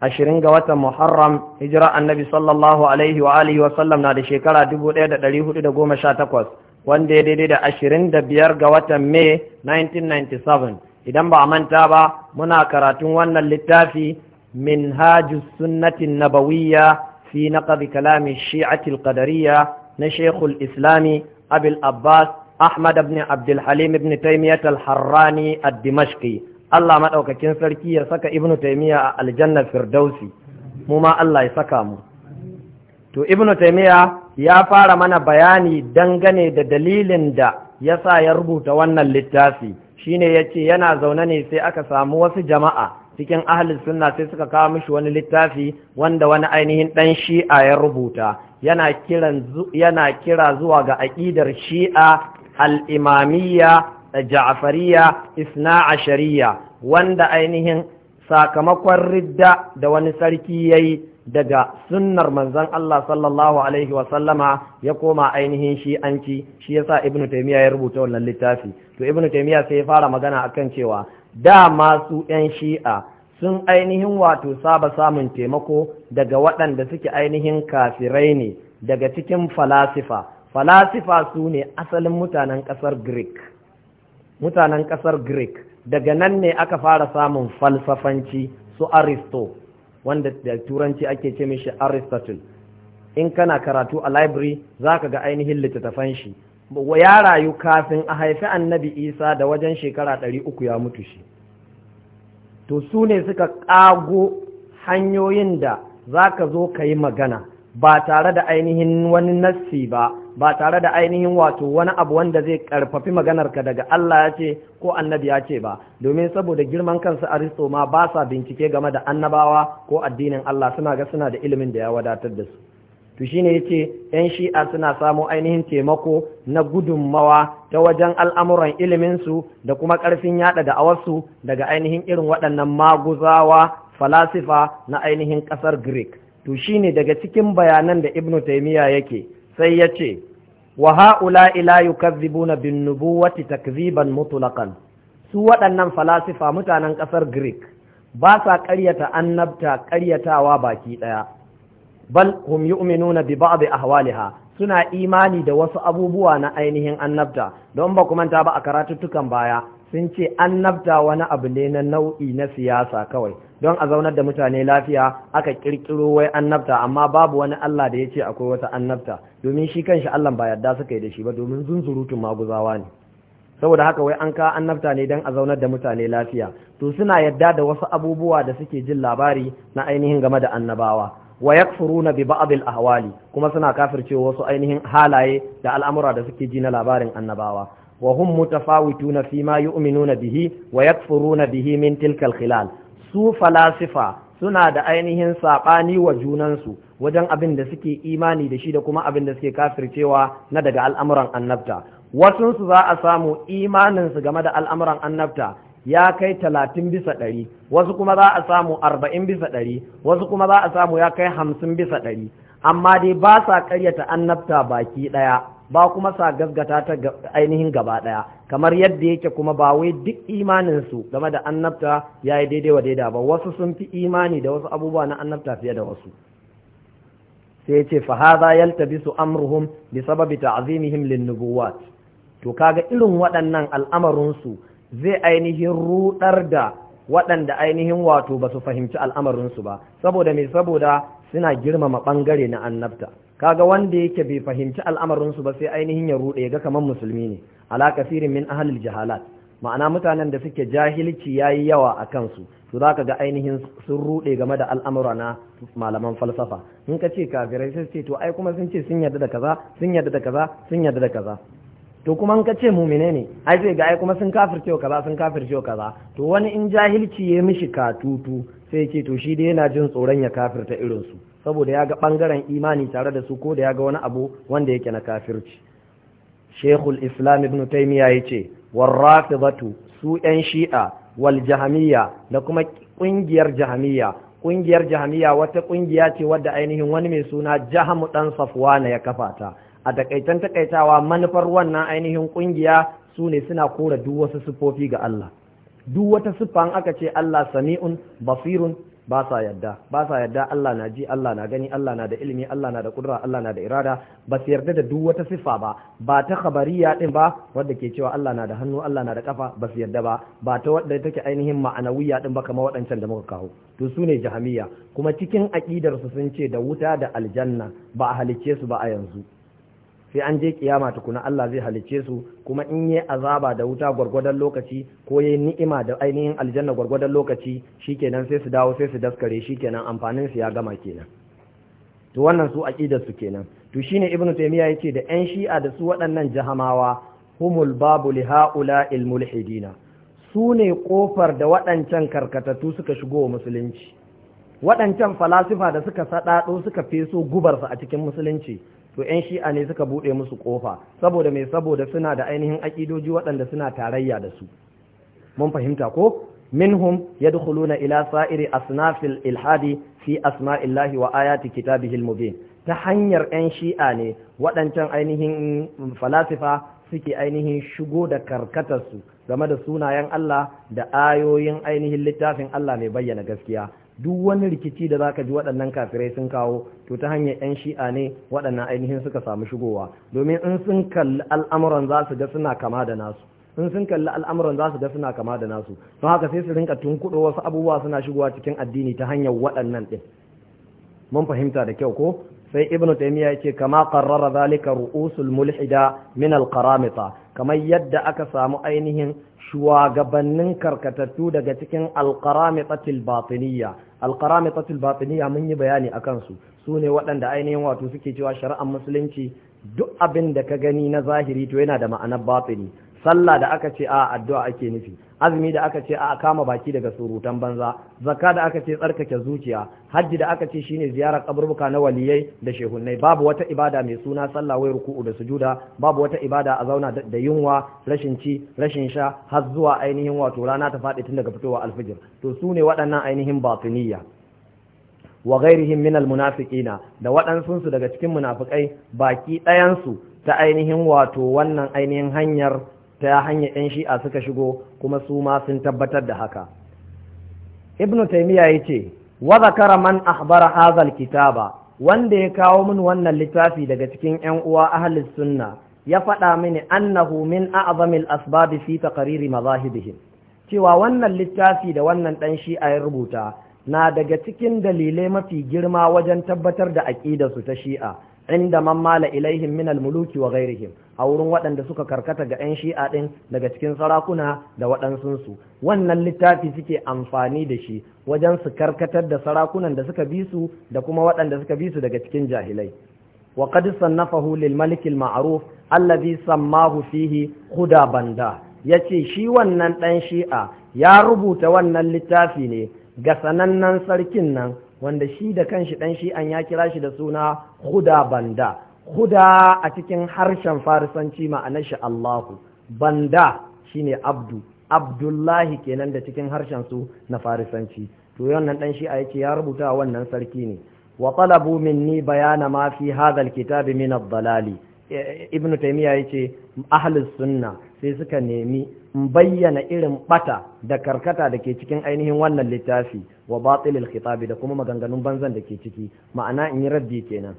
ashirin ga watan Muharram hijira annabi sallallahu alaihi wa alihi wa sallam na da shekara 1418 wanda ya daidai da ashirin da biyar ga watan may 1997 idan ba a manta ba muna karatun wannan littafi minhajus sunnatin nabawiyya fi naqdi kalami shi'atil qadariyya na shekul islami abil abbas ahmad ibn abdul halim ibn taymiyat al-harrani ad-dimashqi Allah maɗaukakin sarki ya saka Ibn taimiyya a aljannar firdausi mu ma Allah ya saka mu to Ibn taimiyya ya fara mana bayani dangane da dalilin da ya sa ya rubuta wannan littafi shi ne ya ce yana zaune ne sai aka samu wasu jama'a cikin ahalin sunna sai suka kawo mishi wani littafi wanda wani ainihin ɗan shi'a ya rubuta yana kira zuwa ga aƙidar shi'a al'imamiyya ja'afariya isna ashariya wanda ainihin sakamakon ridda da wani sarki ya yi daga sunnar manzon Allah sallallahu alaihi wasallama ya koma ainihin shi an ci shi yasa ibn taimiyya ya rubuta wannan littafi to Ibn taimiyya sai ya fara magana akan cewa da masu yan shi'a sun ainihin wato saba samun taimako daga waɗanda suke ainihin kafirai ne daga cikin falasifa falasifa su ne asalin mutanen ƙasar greek mutanen ƙasar greek daga nan ne aka fara samun falsafanci su aristo wanda da turanci ake ce mishi aristotle in kana karatu a library za ka ga ainihin littattafan shi ya rayu kafin a haifi annabi isa da wajen shekara ɗari uku ya mutu shi to su ne suka ƙago hanyoyin da za ka zo ka yi magana ba tare da ainihin wani nassi ba ba tare da ainihin wato wani abu wanda zai karfafi maganarka daga Allah ya ce ko annabi ya ce ba domin saboda girman kansu aristo ma ba sa bincike game da annabawa ko addinin Allah suna ga suna da ilimin da ya wadatar da su to shine yace yan shi'a suna samu ainihin taimako na gudunmawa ta wajen al'amuran ilimin su da kuma karfin yada da awarsu daga ainihin irin waɗannan maguzawa falasifa na ainihin ƙasar Greek to shine daga cikin bayanan da Ibn Taymiyyah yake sai ya ce wa ha'ula ila na bin nubuwati takziban mutlaqan su waɗannan falasifa mutanen ƙasar Greek ba sa ƙaryata annabta ƙaryatawa baki ɗaya bal hum yu'minuna bi ba'd ahwaliha suna imani da wasu abubuwa na ainihin annabta don ba manta ba a karatuttukan baya sun ce annabta wani abu ne na nau'i na siyasa kawai don a zaunar da mutane lafiya aka kirkiro wai annabta amma babu wani Allah da ya ce akwai wata annabta domin shi kanshi Allah ba yarda suka yi da shi ba domin zunzurutun maguzawa ne saboda haka wai an ka annabta ne don a zaunar da mutane lafiya to suna yarda da wasu abubuwa da suke jin labari na ainihin game da annabawa wa yakfuruna bi ba'd al-ahwali kuma suna kafircewa wasu ainihin halaye da al'amura da suke ji na labarin annabawa wa hum mutafawituna fi ma yu'minuna bihi wa yakfuruna bihi min tilka al-khilal su falasifa suna da ainihin saɓani wa junansu wajen abin da suke imani da shi da kuma abin da suke kafircewa na daga al'amuran annabta wasunsu za a samu imaninsu game da al'amuran annabta ya kai talatin bisa ɗari wasu kuma za a samu arba'in bisa ɗari wasu kuma za a samu ya kai hamsin bisa ɗari amma dai ba sa ƙaryata annabta baki ɗaya ba kuma sa gasgata ta ainihin gaba ɗaya kamar yadda yake kuma ba wai duk imaninsu game da annabta ya yi daidai wa daida ba wasu sun fi imani da wasu abubuwa na annabta fiye da wasu sai ce fa fahaza yaltabisu amruhum bi sababi ta'zimihim lin-nubuwat to kaga irin waɗannan su zai ainihin rudar da waɗanda ainihin wato ba su fahimci su ba saboda me saboda suna girmama bangare na annabta kaga wanda yake bai fahimci al'amarin su ba sai ainihin ya rude ya ga kaman musulmi ne ala kasirin min ahlil jahalat ma'ana mutanen da suke jahilci yayi yawa a kansu to zaka ga ainihin sun rude game da al'amura na malaman falsafa in ka ce kafirai sai ce to ai kuma sun ce sun yarda da kaza sun yarda da kaza sun yarda da kaza to kuma in ka ce mumine ne ai sai ga ai kuma sun kafirce kaza sun kafirce kaza to wani in jahilci ya mishi katutu sai ce to shi dai yana jin tsoron ya kafirta irin su saboda ya ga ɓangaren imani tare da su ko da ya ga wani abu wanda yake na kafirci shekul islam ibn taimiya ya ce warrafizatu su 'yan shi'a wal jahamiya da kuma ƙungiyar jahamiya ƙungiyar jahamiya wata ƙungiya ce wadda ainihin wani mai suna jahamu ɗan safwana ya kafa ta a takaitan takaitawa manufar wannan ainihin ƙungiya su ne suna kora duk wasu siffofi ga Allah duk wata siffa aka ce Allah sami'un basirun ba sa yadda ba sa yadda Allah na ji Allah na gani Allah na da ilimi Allah na da kudura Allah na da irada ba su yarda da duk wata sifa ba ba ta khabariya din ba wadda ke cewa Allah na da hannu Allah na da kafa ba su yarda ba ba ta wadda take ainihin ma'anawiya din ba kamar waɗancan da muka kawo to su ne jahamiya kuma cikin aƙidarsu su sun ce da wuta da aljanna ba a halicce su ba a yanzu sai an je kiyama tukuna Allah zai halicce su kuma in yi azaba da wuta gwargwadon lokaci ko yi ni'ima da ainihin aljanna gwargwadon lokaci shikenan sai su dawo sai su daskare shikenan amfanin su ya gama kenan to wannan su aqidar su kenan to shine ibnu taymiya yace da yan shi'a da su waɗannan jahamawa humul babu li il mulhidina su ne kofar da waɗancan karkatatu suka shigo musulunci waɗancan falasifa da suka saɗaɗo suka feso gubarsa a cikin musulunci to yan shi'a ne suka buɗe musu ƙofa saboda mai saboda suna da ainihin aƙidoji waɗanda suna tarayya da su mun fahimta ko minhum yadkhuluna ila sa'iri asnafil ilhadi fi asma'illahi wa ayati kitabihil mubin ta hanyar yan shi'a ne waɗancan ainihin falasifa suke ainihin shigo da karkatarsu game da sunayen Allah da ayoyin ainihin littafin Allah mai bayyana gaskiya duk wani rikici da zaka ji waɗannan kafirai sun kawo to ta hanyar yan shi'a ne waɗannan ainihin suka samu shigowa domin in sun kalli al'amuran za su ga suna kama da nasu in sun kalli al'amuran za su ga suna kama da nasu don haka sai su rinka tunkuɗo wasu abubuwa suna shigowa cikin addini ta hanyar waɗannan ɗin mun fahimta da kyau ko sai ibnu taymiya ce kama qarrara zalika ru'usul mulhida min al-qaramita kamar yadda aka samu ainihin shugabannin karkatattu daga cikin alqaramitatil batiniya alqaramitatil batiniya mun yi bayani akan su su ne waɗanda ainihin wato suke cewa shari'ar musulunci duk abin da ka gani na zahiri to yana da ma'anar batini sallah da aka ce a addu'a ake nufi azumi da aka ce a kama baki daga surutan banza zakka da aka ce tsarkake zuciya hajji da aka ce shine ziyarar kaburbuka na waliyai da shehunnai babu wata ibada mai suna sallah wai ruku'u da sujuda babu wata ibada a zauna da yunwa rashin ci rashin sha har zuwa ainihin wato rana ta faɗi tun daga fitowa alfijir to su ne waɗannan ainihin batiniya wa ghairihim minal almunafiqina da waɗansu su daga cikin munafikai baki ɗayan su ta ainihin wato wannan ainihin hanyar ta hanyar 'yan shi'a suka shigo kuma su ma sun tabbatar da haka ibnu taimiyya ya ce wa zakara man ahbara hazal kitaba wanda ya kawo min wannan littafi daga cikin 'yan uwa ahlus sunna ya faɗa mini annahu min a'zamil asbabi fi taqriri mazahibihim cewa wannan littafi da wannan dan shi'a ya rubuta na daga cikin dalilai mafi girma wajen tabbatar da aƙidarsu ta shi'a inda man mala ilaihim min almuluki wa ghairihim a wurin waɗanda suka karkata ga 'yan shi'a ɗin daga cikin sarakuna da waɗansunsu wannan littafi suke amfani da shi wajen su karkatar da sarakunan da suka bi su da kuma waɗanda suka bi su daga cikin jahilai wa qad sannafahu lil malik al ma'ruf allazi sammahu fihi huda banda yace shi wannan ɗan shi'a ya rubuta wannan littafi ne ga sanannen sarkin nan wanda shi da kanshi dan shi'an ya kira shi da suna huda banda huda a cikin harshen farisanci ma'anar shi Allahu banda shine abdu abdullahi kenan da cikin harshen su na farisanci to wannan dan shi'a yake ya rubuta wannan sarki ne wa talabu minni bayana ma fi hadha alkitabi min ad-dalali e, e, ibnu taymiya yace ahlus sunna sai suka nemi in bayyana irin bata da karkata da ke cikin ainihin wannan littafi wa batilil khitabi da kuma maganganun banzan da ke ciki ma'ana in yi raddi kenan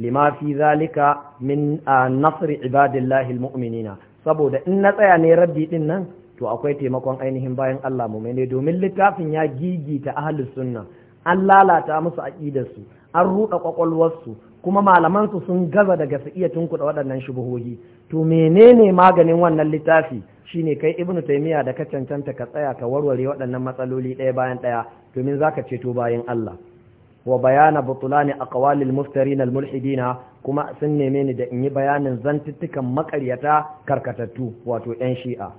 lima fi zalika min nasri ibadillahi almu'minina saboda in na tsaya ne raddi din nan to akwai taimakon ainihin bayan Allah mu ne domin littafin ya gigita ahlus sunna an lalata musu su an ruɗa su kuma malaman su sun gaza daga su iya tunkuɗa waɗannan shubuhohi to menene maganin wannan littafi shine kai ibnu taymiya da ka cancanta ka tsaya ka warware waɗannan matsaloli ɗaya bayan ɗaya domin za ka ceto bayan Allah wa bayana butulani aqwalil muftarin al mulhidina kuma sun neme ni da in yi bayanin zantuttukan makaryata karkatattu wato yan shi'a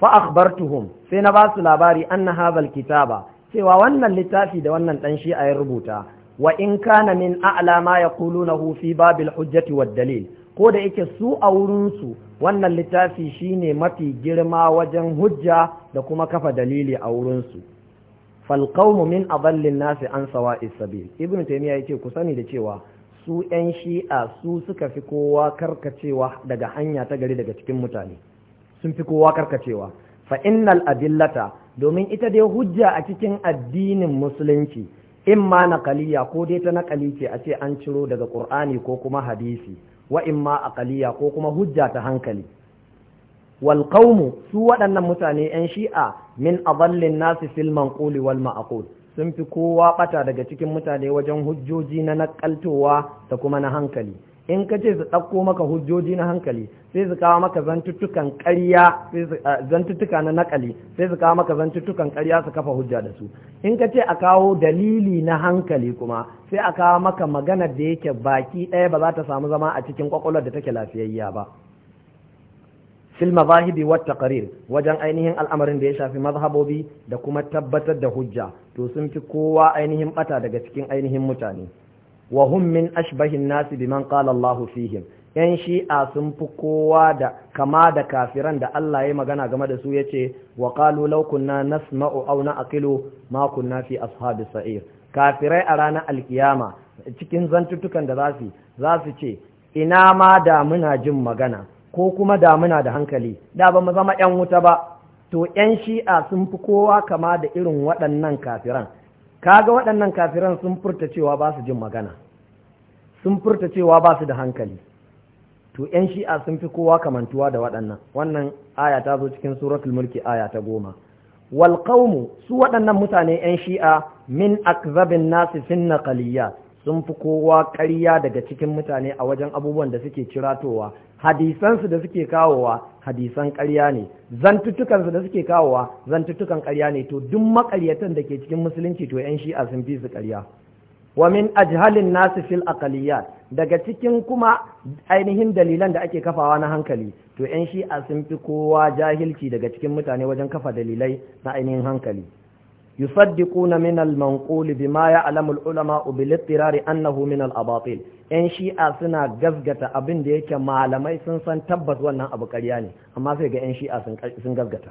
fa akhbartuhum sai na ba su labari anna hadha kitaba cewa wannan littafi da wannan dan shi'a ya rubuta wa in kana min a'la ma yaqulunahu fi babil hujjati wad dalil ko da yake su a wurinsu wannan littafi shine mafi girma wajen hujja da kuma kafa dalili a wurinsu falqaumu min adallin nasi an isabel Ibn taimiyya ya ce ku sani da cewa su yan shi'a su suka fi kowa karkacewa daga hanya ta gari daga cikin mutane sun fi kowa karkacewa fa innal adillata domin ita dai hujja a cikin addinin musulunci In imma naqaliya ko dai ta naqali ce a ce an ciro daga qur'ani ko kuma hadisi wa a aqaliya ko kuma hujja ta hankali wal su waɗannan mutane yan shi'a min adallin nasi fil manquli wal ma'qul sun fi kowa bata daga cikin mutane wajen hujjoji na nakaltowa da kuma na hankali in ka ce su ɗauko maka hujjoji na hankali sai su kawo maka zantuttukan ƙarya eh, zantuttuka na nakali sai su kawo maka zantuttukan ƙarya su kafa hujja da su in ka ce a kawo dalili na hankali kuma sai a kawo maka magana da yake baki ɗaya ba za ta samu zama a cikin kwakwalwar da take lafiyayya ba fil mazahibi wa taqrir wajen ainihin al'amarin da ya shafi mazhabobi da kuma tabbatar da hujja to sun fi kowa ainihin bata daga cikin ainihin mutane wa hum min ashbahin nasi biman qala Allah fihim yan shi'a sun fi kowa da kama da kafiran da Allah ya magana game da su yace wa qalu law kunna nasma'u aw na'qilu ma kunna fi ashabis sa'ir kafirai a ranar alkiyama cikin zantutukan da za su ce ina ma da muna jin magana ko kuma da muna da hankali da ba mu zama yan wuta ba to yan shi'a sun fi kowa kama da irin waɗannan kafiran kaga waɗannan kafiran sun furta cewa ba su jin magana sun furta cewa ba su da hankali to 'yan shi'a sun fi kowa kamantuwa da waɗannan wannan aya ta zo cikin suratul mulki aya ta goma wal su waɗannan mutane 'yan shi'a min akzabin nasi fin naqaliyat sun fi kowa ƙarya daga cikin mutane a wajen abubuwan da suke ciratowa hadisansu da suke kawowa hadisan ƙarya ne zantuttukansu da suke kawowa zantuttukan ƙarya ne to duk maƙaryatan da ke cikin musulunci to 'yan shi'a sun fi su ƙarya wa min ajhalin nasu fil aqaliyat daga cikin kuma ainihin dalilan da ake kafawa na hankali to 'yan shi'a sun fi kowa jahilci daga cikin mutane wajen kafa dalilai na ainihin hankali yusaddiquna min al-manqul bima ya'lamu al-ulama bil ittirari annahu min abatil yan shi'a suna gazgata abin da yake malamai sun san tabbas wannan abu ƙarya ne amma sai ga yan shi'a sun gazgata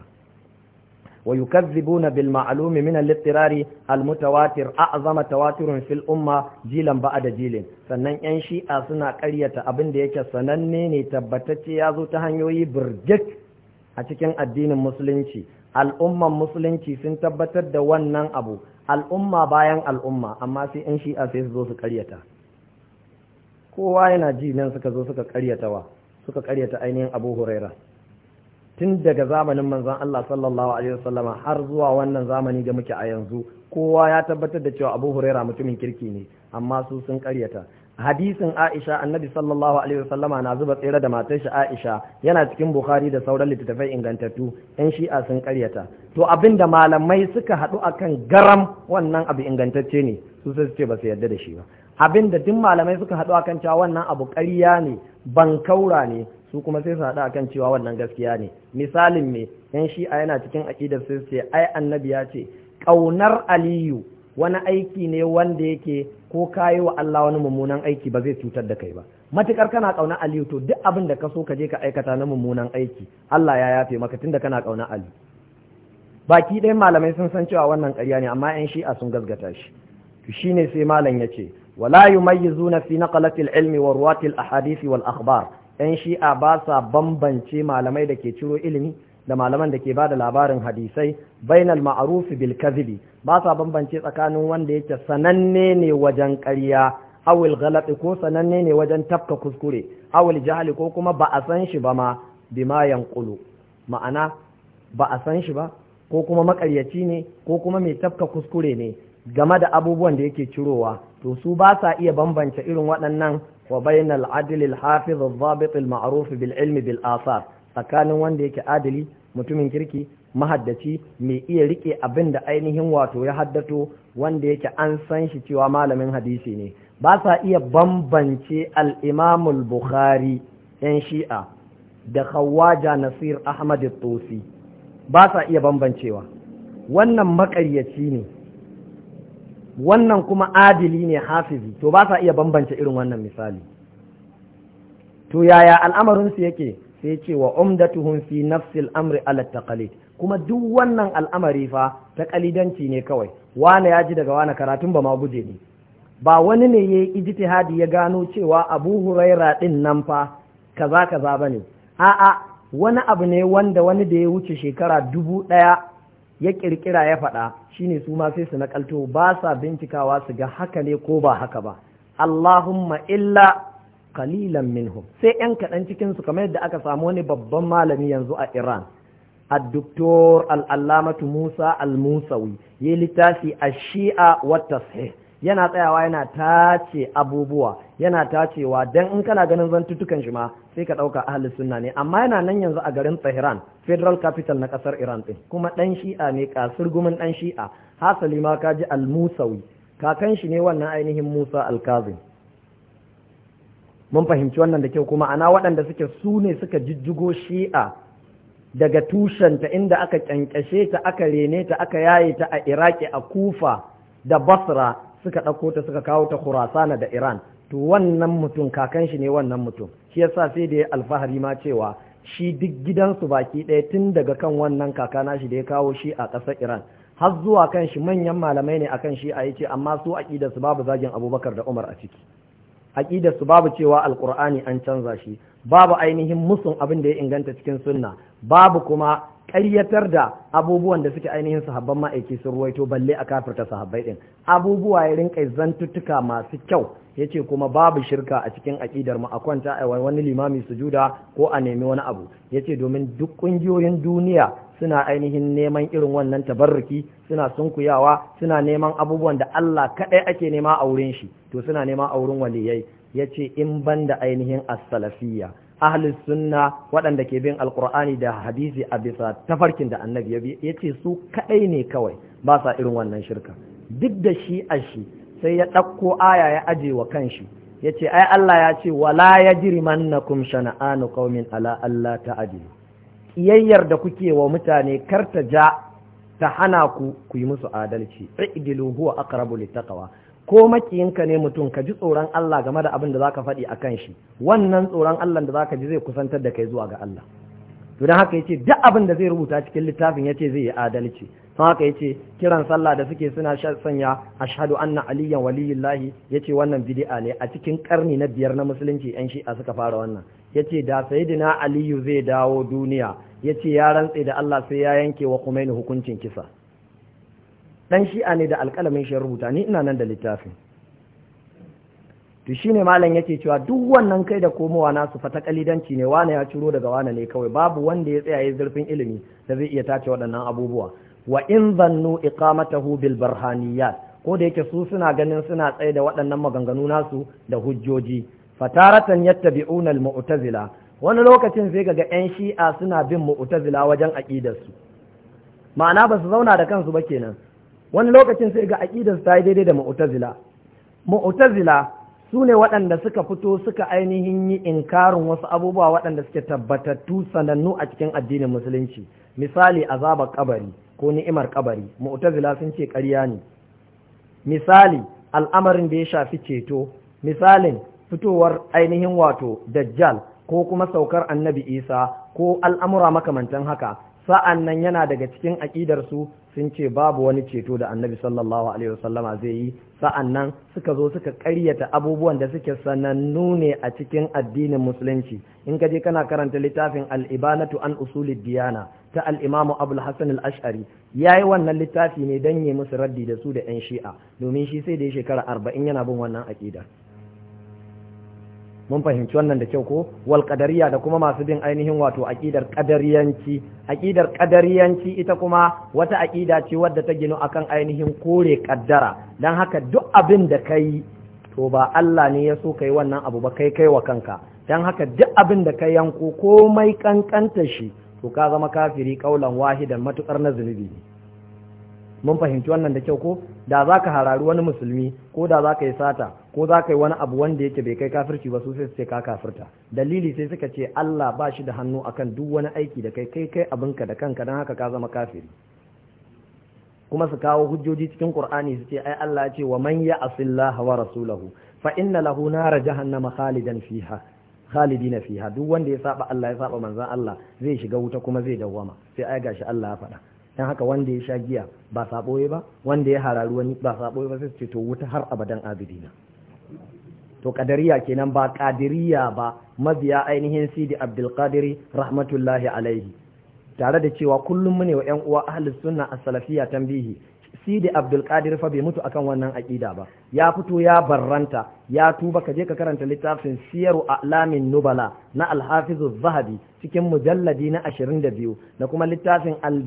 wa yukazzibuna bil ma'lum min al-ittirari al-mutawatir a'zama tawatirun fil umma jilan ba'da jilin sannan yan shi'a suna karyata abin da yake sananne ne tabbatacce ya zo ta hanyoyi birjik a cikin addinin musulunci al'umman musulunci sun tabbatar da wannan abu al'umma bayan al'umma amma sai yan shi'a sai su zo su karyata kowa yana ji nan suka zo suka karyata wa, suka karyata ainihin abu huraira tun daga zamanin manzon Allah sallallahu alaihi wasallam har zuwa wannan zamani da muke a yanzu kowa ya tabbatar da cewa abu huraira mutumin kirki ne amma su sun karyata hadisin Aisha annabi sallallahu alaihi wa sallama na zuba tsere da matar shi Aisha yana cikin Bukhari da sauran littattafai ingantattu ɗan shi'a sun karyata to abinda malamai suka haɗu akan garam wannan abu ingantacce ne su sai su ce ba su yarda da shi ba Abin da duk malamai suka haɗu akan cewa wannan abu ƙarya ne ban kaura ne su kuma sai su haɗu akan cewa wannan gaskiya ne misalin me ɗan shi'a yana cikin aƙidar sai su ce ai annabi ya ce ƙaunar aliyu wani aiki ne wanda yake ko ka yi wa Allah wani mummunan aiki ba zai cutar da kai ba matukar kana kauna Aliyu to duk abin da ka so ka je ka aikata na mummunan aiki Allah ya yafe maka tun da kana kauna Aliyu baki ɗaya malamai sun san cewa wannan ƙarya ne amma yan shi'a sun gazgata shi to shine sai malam ya ce wala yumayyizuna fi naqalatil ilmi wa ruwatil ahadisi wal akhbar Ƴan shi'a ba sa bambance malamai da ke ciro ilimi da malaman da ke ba da labarin hadisai bainal ma'arufi bil kadhibi ba sa bambance tsakanin wanda yake sananne ne wajen ƙarya awil ghalati ko sananne ne wajen tafka kuskure awil jahali ko kuma ba a san shi ba ma bima yanqulu ma'ana ba a san shi ba ko kuma makaryaci ne ko kuma mai tafka kuskure ne game da abubuwan da yake cirowa to su ba sa iya bambance irin waɗannan wa bainal adlil al hafiz al dhabit al ma'ruf bil ilmi bil asar tsakanin wanda yake adali mutumin kirki mahaddaci mai iya rike abin da ainihin wato ya haddato wanda yake an san shi cewa malamin hadisi ne ba sa iya bambance al'imamul bukhari yan shi'a da khawaja nasir ahmad tosi ba sa iya bambancewa wannan makaryaci ne wannan kuma adili ne hafizi to ba sa iya bambance irin wannan misali to yaya al'amarinsu yake sai ce wa umdatuhum fi nafsil amri ala taqalid kuma duk wannan al'amari fa taqalidanci ne kawai Wani ya ji daga wani, karatun ba ma guje ne ba wani ne yayi ijtihadi ya gano cewa Abu Huraira din nan fa kaza kaza bane a'a wani abu ne wanda wani da ya wuce shekara dubu ɗaya ya kirkira ya faɗa shine su ma sai su nakalto ba sa bincikawa su ga haka ne ko ba haka ba Allahumma illa qalilan minhum sai yan kaɗan cikin su kamar yadda aka samu wani babban malami yanzu a Iran الدكتور العلامة موسى الموسوي يلتاسي الشيعة والتصحيح yana tsayawa yana tace abubuwa yana tacewa dan in kana ganin zantutukan shi ma sai ka ɗauka ahli sunna ne amma yana nan yanzu a garin Tehran federal capital na ƙasar Iran ɗin kuma ɗan shi'a ne kasir gumin ɗan shi'a hasali ma ka ji al-Musawi kakan shi ne wannan ainihin Musa al-Kazim mun fahimci wannan da kyau kuma ana waɗanda suke su ne suka jijjigo shi'a daga tushenta inda aka kyankyashe ta aka rene ta aka yaye ta a iraki a kufa da basra suka ɗauko ta suka kawo ta khurasana da iran to wannan mutum kakan shi ne wannan mutum shi yasa sai da ya alfahari ma cewa shi duk gidansu baki ɗaya tun daga kan wannan kakana shi da ya kawo shi a ƙasar iran har zuwa kan shi manyan malamai ne akan shi a yace amma su aƙidarsu babu zagin abubakar da umar a ciki aqidar su babu cewa alqur'ani an canza shi babu ainihin musun abin da ya inganta cikin sunna babu kuma ƙaryatar da abubuwan da suke ainihin sahabban ma'aiki sun ruwaito balle a kafirta sahabbai din abubuwa ya rinka zantuttuka masu kyau yace kuma babu shirka a cikin aƙidar mu a kwanta a wani limami sujuda ko a nemi wani abu yace domin duk ƙungiyoyin duniya suna ainihin neman irin wannan tabarruki suna sunkuyawa suna neman abubuwan da Allah kaɗai ake nema a wurin shi to suna neman a wurin waliyai ya ce in ban da ainihin as-salafiyya ahlus sunna waɗanda ke bin alkur'ani da hadisi a bisa tafarkin da annabi ya bi ya ce su kaɗai ne kawai ba sa irin wannan shirka duk da shi a shi sai ya ɗauko aya ya aje wa kanshi ya ce ai Allah ya ce wala ya jiri shana'anu qaumin ala Allah ta'adilu ƙiyayyar da kuke wa mutane kar ta ja ta hana ku ku yi musu adalci i'dilu huwa aqrabu littaqwa ko makiyinka ne mutum ka ji tsoron Allah game da abin da za ka faɗi a kan shi wannan tsoron Allah da zaka ji zai kusantar da kai zuwa ga Allah to dan haka yace duk abin da zai rubuta cikin littafin ya ce zai yi adalci don haka yace kiran sallah da suke suna sanya ashhadu anna aliyan waliyullahi yace wannan bid'a ne a cikin karni na biyar na musulunci yan shi'a suka fara wannan yace da sayyidina aliyu zai dawo duniya yace ya rantse da Allah sai ya yanke wa ne hukuncin kisa dan shi'a ne da alƙalamin shi rubuta ni ina nan da littafin to ne malam yake cewa duk wannan kai da komowa nasu fata kalidanci ne wane ya ciro daga wane ne kawai babu wanda ya tsaya zurfin ilimi da zai iya tace waɗannan abubuwa wa in zannu iqamatahu bil barhaniyat ko da yake su suna ganin suna tsaye da waɗannan maganganu nasu da hujjoji fataratan yattabi'una al mu'tazila wani lokacin sai ga yan shi'a suna bin mu'tazila wajen aqidarsu ma'ana ba su zauna da kansu ba kenan wani lokacin sai ga aqidarsu ta yi daidai da mu'tazila mu'tazila su ne waɗanda suka fito suka ainihin yi inkarin wasu abubuwa waɗanda suke tabbatattu sanannu a cikin addinin musulunci misali azabar kabari ko ni'imar kabari mu'tazila sun ce ƙarya ne misali al'amarin da ya shafi ceto misalin fitowar ainihin wato dajjal ko kuma saukar annabi isa ko al'amura makamantan haka sa'an nan yana daga cikin aƙidarsu sun ce babu wani ceto da annabi sallallahu alaihi wasallama zai yi sa'an nan suka zo suka ƙaryata abubuwan da suke sanannu ne a cikin addinin musulunci in ka je kana karanta littafin al'ibanatu an usuli diyana ta al'imamu abul hassan al'ashari ya yi wannan littafi ne don yi musu raddi da su da 'yan shi'a domin shi sai da ya shekara arba'in yana bin wannan aƙidar mun fahimci wannan da kyau ko wal qadariya da kuma masu bin ainihin wato aqidar qadariyanci aqidar qadariyanci ita kuma wata aqida ce wadda ta ginu akan ainihin kore kaddara dan haka duk abin da kai to ba Allah ne ya so kai wannan abu ba kai kai wa kanka dan haka duk abin da kai yanko komai kankanta shi to ka zama kafiri kaulan wahidan matukar na zunubi mun fahimci wannan da kyau ko da za ka harari wani musulmi ko da za ka yi sata ko za ka yi wani abu wanda yake bai kai kafirci ba su sai su ka kafirta dalili sai suka ce Allah ba shi da hannu akan duk wani aiki da kai kai kai abinka da kanka don haka ka zama kafiri kuma su kawo hujjoji cikin Qur'ani su ce ai Allah ya ce wa man ya'sillaha wa rasulahu fa inna lahu nara jahannama khalidan fiha khalidina fiha duk wanda ya saba Allah ya saba manzan Allah zai shiga wuta kuma zai dawwama sai ai gashi Allah ya faɗa don haka wanda ya sha giya ba saboye ba wanda ya hararu wani ba saboye ba sai ce to wuta har abadan abidina to kadariya kenan ba kadiriya ba mabiya ainihin sidi abdul rahmatullahi alaihi tare da cewa kullum mune wa 'yan uwa ahlus sunna as-salafiyya tambihi sidi abdul qadir fa bai mutu akan wannan aƙida ba ya fito ya barranta ya tuba ka je ka karanta littafin siyaru a'lamin nubala na Alhafizu zahabi cikin mujalladi na 22 da kuma littafin al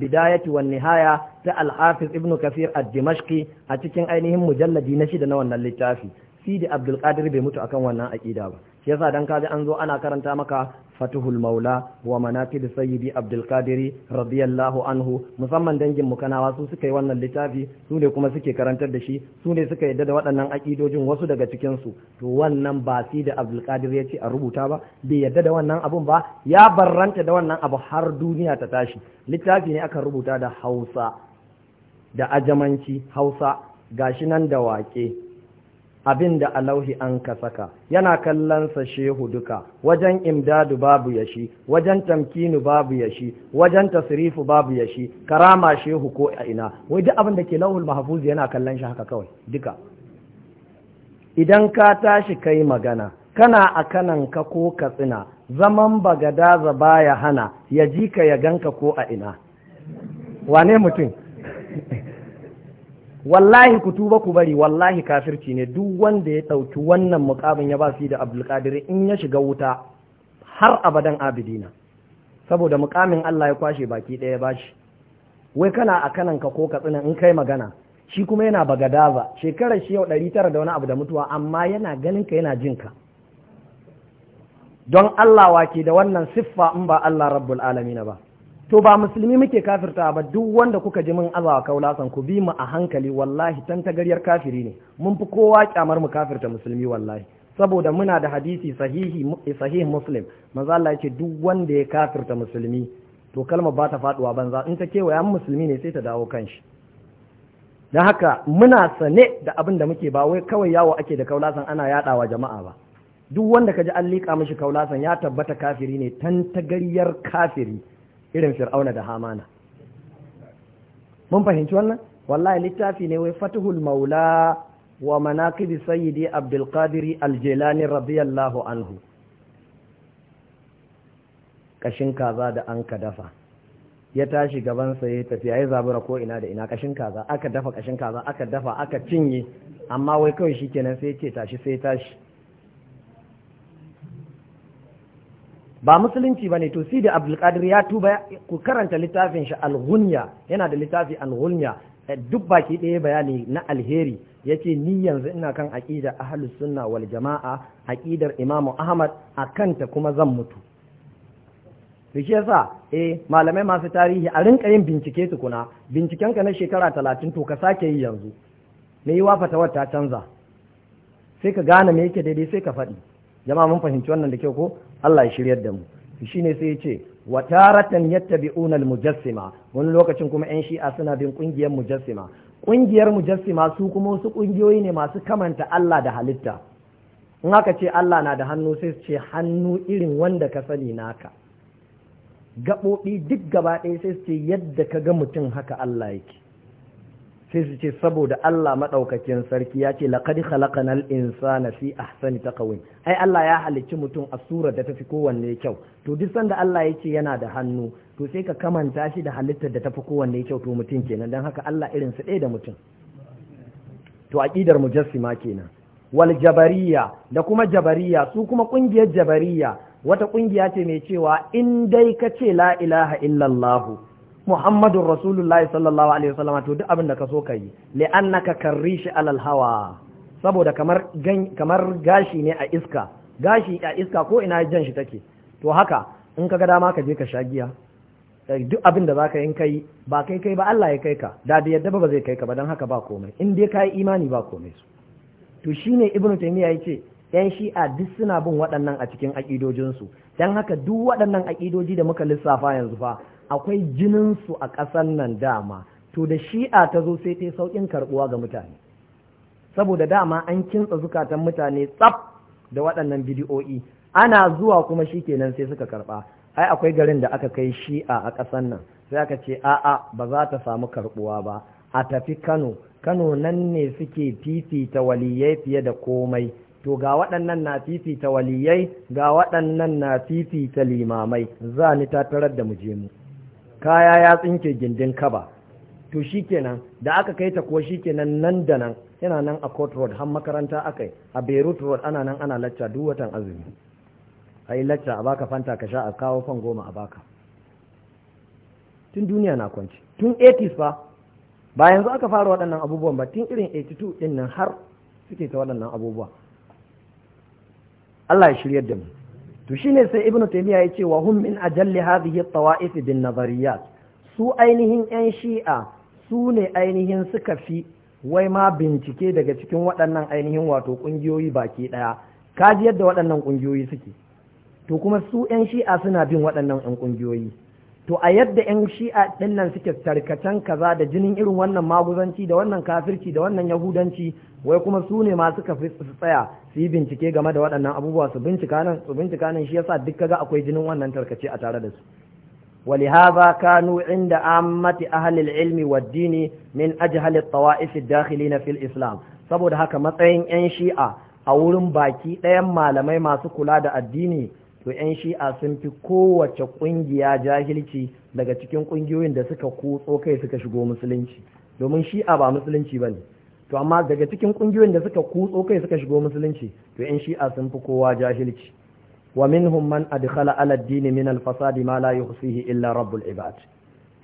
wan nihaya ta Alhafiz ibn kafir ad-dimashqi a cikin ainihin mujalladi na shida na wannan littafi sidi abdul qadir bai mutu akan wannan aƙida ba yasa dan kaji an zo ana karanta maka fatuhul maula wa manaqib sayyidi abdul qadir radiyallahu anhu musamman dangin kana su suka yi wannan littafi su ne kuma suke karantar da shi su ne suka yadda da waɗannan akidojin wasu daga cikin su to wannan ba si da abdul qadir ya ce a rubuta ba bai yadda da wannan abun ba ya barranta da wannan abu har duniya ta tashi littafi ne aka rubuta da hausa da ajamanci hausa gashi nan da wake abin da alauhi an ka saka yana kallonsa shehu duka wajen imdadu babu yashi wajen tamkinu babu yashi wajen tasrifu babu yashi karama shehu ko a ina wai duk abin da ke lauhul mahfuz yana kallon shi haka kawai duka idan ka tashi kai magana kana a ka ko katsina zaman bagadaza baya hana ya ji ka ya ganka ko a ina wane mutum wallahi ku tuba ku bari wallahi kafirci ne duk wanda ya ɗauki wannan mukamin ya ba su da abdulkadir in ya shiga wuta har abadan abidina saboda mukamin Allah ya kwashe baki ɗaya ba shi wai kana a kanan ka ko katsina in kai magana shi kuma yana bagadaza shekarar shi yau ɗari tara da wani abu da mutuwa amma yana ganin ka yana jin ka don Allah wake da wannan siffa in ba Allah rabbul alamina ba to ba musulmi muke kafirta ba duk wanda kuka ji mun azawa kaula san ku bi mu a hankali wallahi tan tagariyar kafiri ne mun fi kowa kyamar mu kafirta musulmi wallahi saboda muna da hadisi sahihi sahih muslim manzo Allah yake duk wanda ya kafirta musulmi to kalma ba ta faduwa banza in ta kewaya musulmi ne sai ta dawo kanshi dan haka muna sane da abin da muke ba wai kawai yawo ake da kaulasan ana yadawa jama'a ba duk wanda ka kaji an liƙa mishi kaulasan ya tabbata kafiri ne tan tagariyar kafiri irin fir'auna da hamana mun fahimci wannan wallahi littafi ne wai fatihul maula wa manaqib sayyidi abdul qadir al-jilani radiyallahu anhu kashin kaza da an ka dafa ya tashi gaban sa ya tafi ya zabura ko ina da ina kashin kaza aka dafa kashin kaza aka dafa aka cinye amma wai kawai shikenan sai ya ce tashi sai tashi ba musulunci ba ne to si sidi abdulkadir ya tuba ku karanta littafin shi alhunya yana da littafi alhunya eh, duk baki ɗaya bayani na alheri yace ni yanzu ina kan aqida ahlus sunna wal jamaa aqidar imamu ahmad akan ta kuma zan mutu to shi yasa eh malamai masu tarihi a rinka yin bincike tukuna binciken ka na shekara talatin to ka sake yi yanzu me yi wa fatawar ta canza sai ka gane me yake daidai sai ka faɗi jama'a mun fahimci wannan da kyau ko Allah ya shiryar da mu shine sai ya ce wa taratan yattabi'una al-mujassima wani lokacin kuma yan shi'a suna bin kungiyar mujassima kungiyar mujassima su kuma wasu kungiyoyi ne masu kamanta Allah da halitta in aka ce Allah na da hannu sai su ce hannu irin wanda ka sani naka Gabobi duk gaba ɗaya sai su ce yadda ka ga mutum haka Allah yake sai su ce saboda Allah maɗaukakin sarki ya ce laƙadi halakanal insana fi ahsani taqwim ai Allah ya halicci mutum a surar da ta fi kowanne kyau to duk sanda Allah ya ce yana da hannu to sai ka kamanta shi da halittar da ta fi kowanne kyau to mutum kenan dan haka Allah irin su ɗaya da mutum to aqidar mujassima kenan wal jabariya da kuma jabariya su kuma kungiyar jabariya wata ƙungiya ce mai cewa in dai ka ce la ilaha illallahu muhammadun rasulullahi sallallahu alaihi wasallam to duk abin da ka so ka yi na ka karri shi alal hawa saboda kamar gashi ne a iska gashi a iska ko ina jan shi take to haka in ka ga dama ka je ka sha giya eh, duk abin da za zaka yi kai ba kai kai ba Allah ya kai ka da da yadda ba zai kai ka ba don haka ba komai in dai ka yi imani ba komai su to Ibn ibnu ya ce, yan shi'a duk suna bin waɗannan a cikin aƙidojinsu don haka duk waɗannan aƙidoji da muka lissafa yanzu fa akwai jininsu a ƙasar nan dama to da shi'a ta zo sai ta sauƙin karɓuwa ga mutane saboda dama an kintsa zukatan mutane tsaf da waɗannan bidiyo'i ana zuwa kuma shi kenan sai suka karɓa ai akwai garin da aka kai shi'a a ƙasar nan sai aka ce a'a ba za ta samu karɓuwa ba a tafi kano kano nan ne suke fifita waliyai fiye da komai to ga waɗannan na fifita waliyai ga waɗannan na fifita limamai za ni ta tarar da mu je mu kaya ya tsinke gindin kaba to shi kenan da aka kai ta kuwa kenan nan da nan yana nan a court road har makaranta akai a beirut road ana nan ana lacca duk watan azumi a yi lacca a baka fanta ka sha a kawo fan goma a baka tun duniya na kwanci tun 80s fa ba yanzu aka fara waɗannan abubuwan ba tun irin 82 ɗin nan har suke ta waɗannan abubuwa Allah ya shiryar da mu to shine sai ibnu taymiya ya ce wa hum min ajalli hadhihi at-tawa'if bin nazariyat su ainihin yan shi'a su ne ainihin suka fi wai ma bincike daga cikin waɗannan ainihin wato ƙungiyoyi baki ɗaya kaji yadda waɗannan kungiyoyi suke to kuma su 'yan shi'a suna bin waɗannan 'yan ƙungiyoyi to a yadda 'yan shi'a ɗinnan suke tarkacen kaza da jinin irin wannan maguzanci da wannan kafirci da wannan yahudanci wai kuma su ne masu suka fi tsaya su yi bincike game da waɗannan abubuwa su bincika nan su bincika nan shi yasa duk kaga akwai jinin wannan tarkace a tare da su ولهذا كانوا عند عامة أهل العلم والدين من أجهل الطوائف الداخلين في الإسلام saboda haka matsayin 'yan shi'a a wurin baki ɗayan malamai masu kula da addini to 'yan shi'a sun fi kowace ƙungiya jahilci daga cikin ƙungiyoyin da suka kutso kai suka shigo musulunci domin shi'a ba musulunci ba ne to amma daga cikin ƙungiyoyin da suka kutso kai suka shigo musulunci to 'yan shi'a sun fi kowa jahilci wa minhum man adkhala ala ad-din min al-fasadi ma la yuhsihi illa rabbul ibad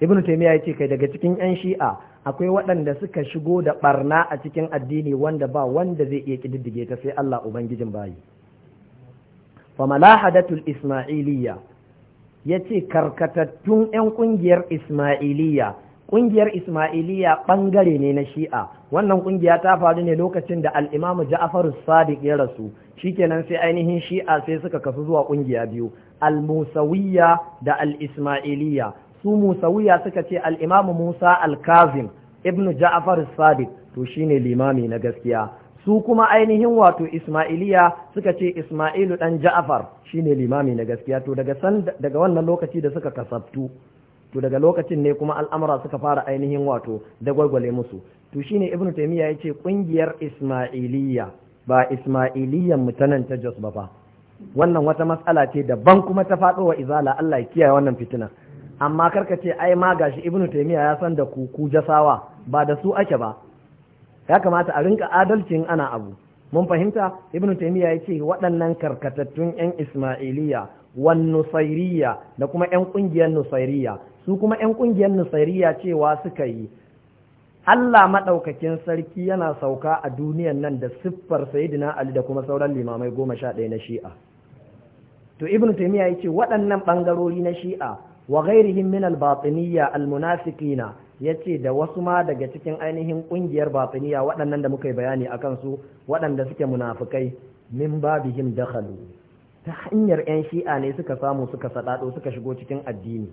ibn ya ce kai daga cikin 'yan shi'a akwai waɗanda suka shigo da ɓarna a cikin addini wanda ba wanda zai iya ƙididdige ta sai Allah ubangijin bayi famalahadatul ismailiyya ya ce karkatattun 'yan ƙungiyar ismailiyya ƙungiyar ismailiyya ɓangare ne na shi'a wannan ƙungiya ta faru ne lokacin da al'imamu Ja'afarus sadiq ya rasu shikenan sai ainihin shi'a sai suka kasu zuwa ƙungiya biyu al-musawiyya da al-ismailiyya su musawiyya suka ce al'imamu musa al-kazim ibn Ja'afarus sadiq to shine limami na gaskiya su kuma ainihin wato Ismailiya suka ce Ismailu ɗan Ja'far shine limami na gaskiya to daga san daga wannan lokaci da suka kasabtu to daga lokacin ne kuma al'amura suka fara ainihin wato da gwagwale musu to shine Ibn ya ce kungiyar Ismailiya ba Ismailiyan mutanen ta Jos ba fa wannan wata matsala ce daban kuma ta faɗo wa izala Allah ya kiyaye wannan fitina amma karka ce ai ma gashi Ibn Taymiyyah ya san da ku ku jasawa ba da su ake ba ya kamata a rinka adalcin ana abu mun fahimta ibnu taymiya yace waɗannan karkatattun yan ismailiya wan nusairiya da kuma yan ƙungiyar nusairiya su kuma yan ƙungiyar nusairiya cewa suka yi Allah maɗaukakin sarki yana sauka a duniyan nan da siffar sayidina Ali da kuma sauran limamai goma sha ɗaya na shi'a. To Ibn Taymiyyah ya ce waɗannan ɓangarori na shi'a wa ghairihim min al-batiniyya al-munafiqina ya ce da wasu ma daga cikin ainihin ƙungiyar batiniya waɗannan da muka yi bayani a kansu waɗanda suke munafukai min babihim dakhalu ta hanyar 'yan shi'a ne suka samu suka saɗaɗo suka shigo cikin addini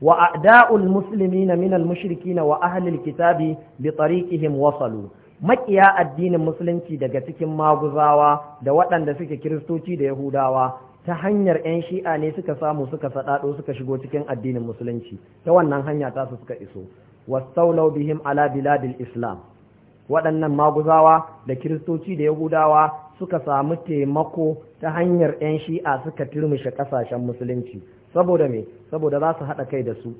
wa a'da'ul na min al na wa ahli al-kitabi bi tariqihim wasalu makiya addinin musulunci daga cikin maguzawa da waɗanda suke kiristoci da yahudawa ta hanyar 'yan shi'a ne suka samu suka saɗaɗo suka shigo cikin addinin musulunci ta wannan hanya tasu suka iso wastaulau bihim ala biladil islam waɗannan maguzawa da kiristoci da yahudawa suka samu taimako ta hanyar 'yan shi'a suka turmushe ƙasashen musulunci saboda me saboda za su haɗa kai da su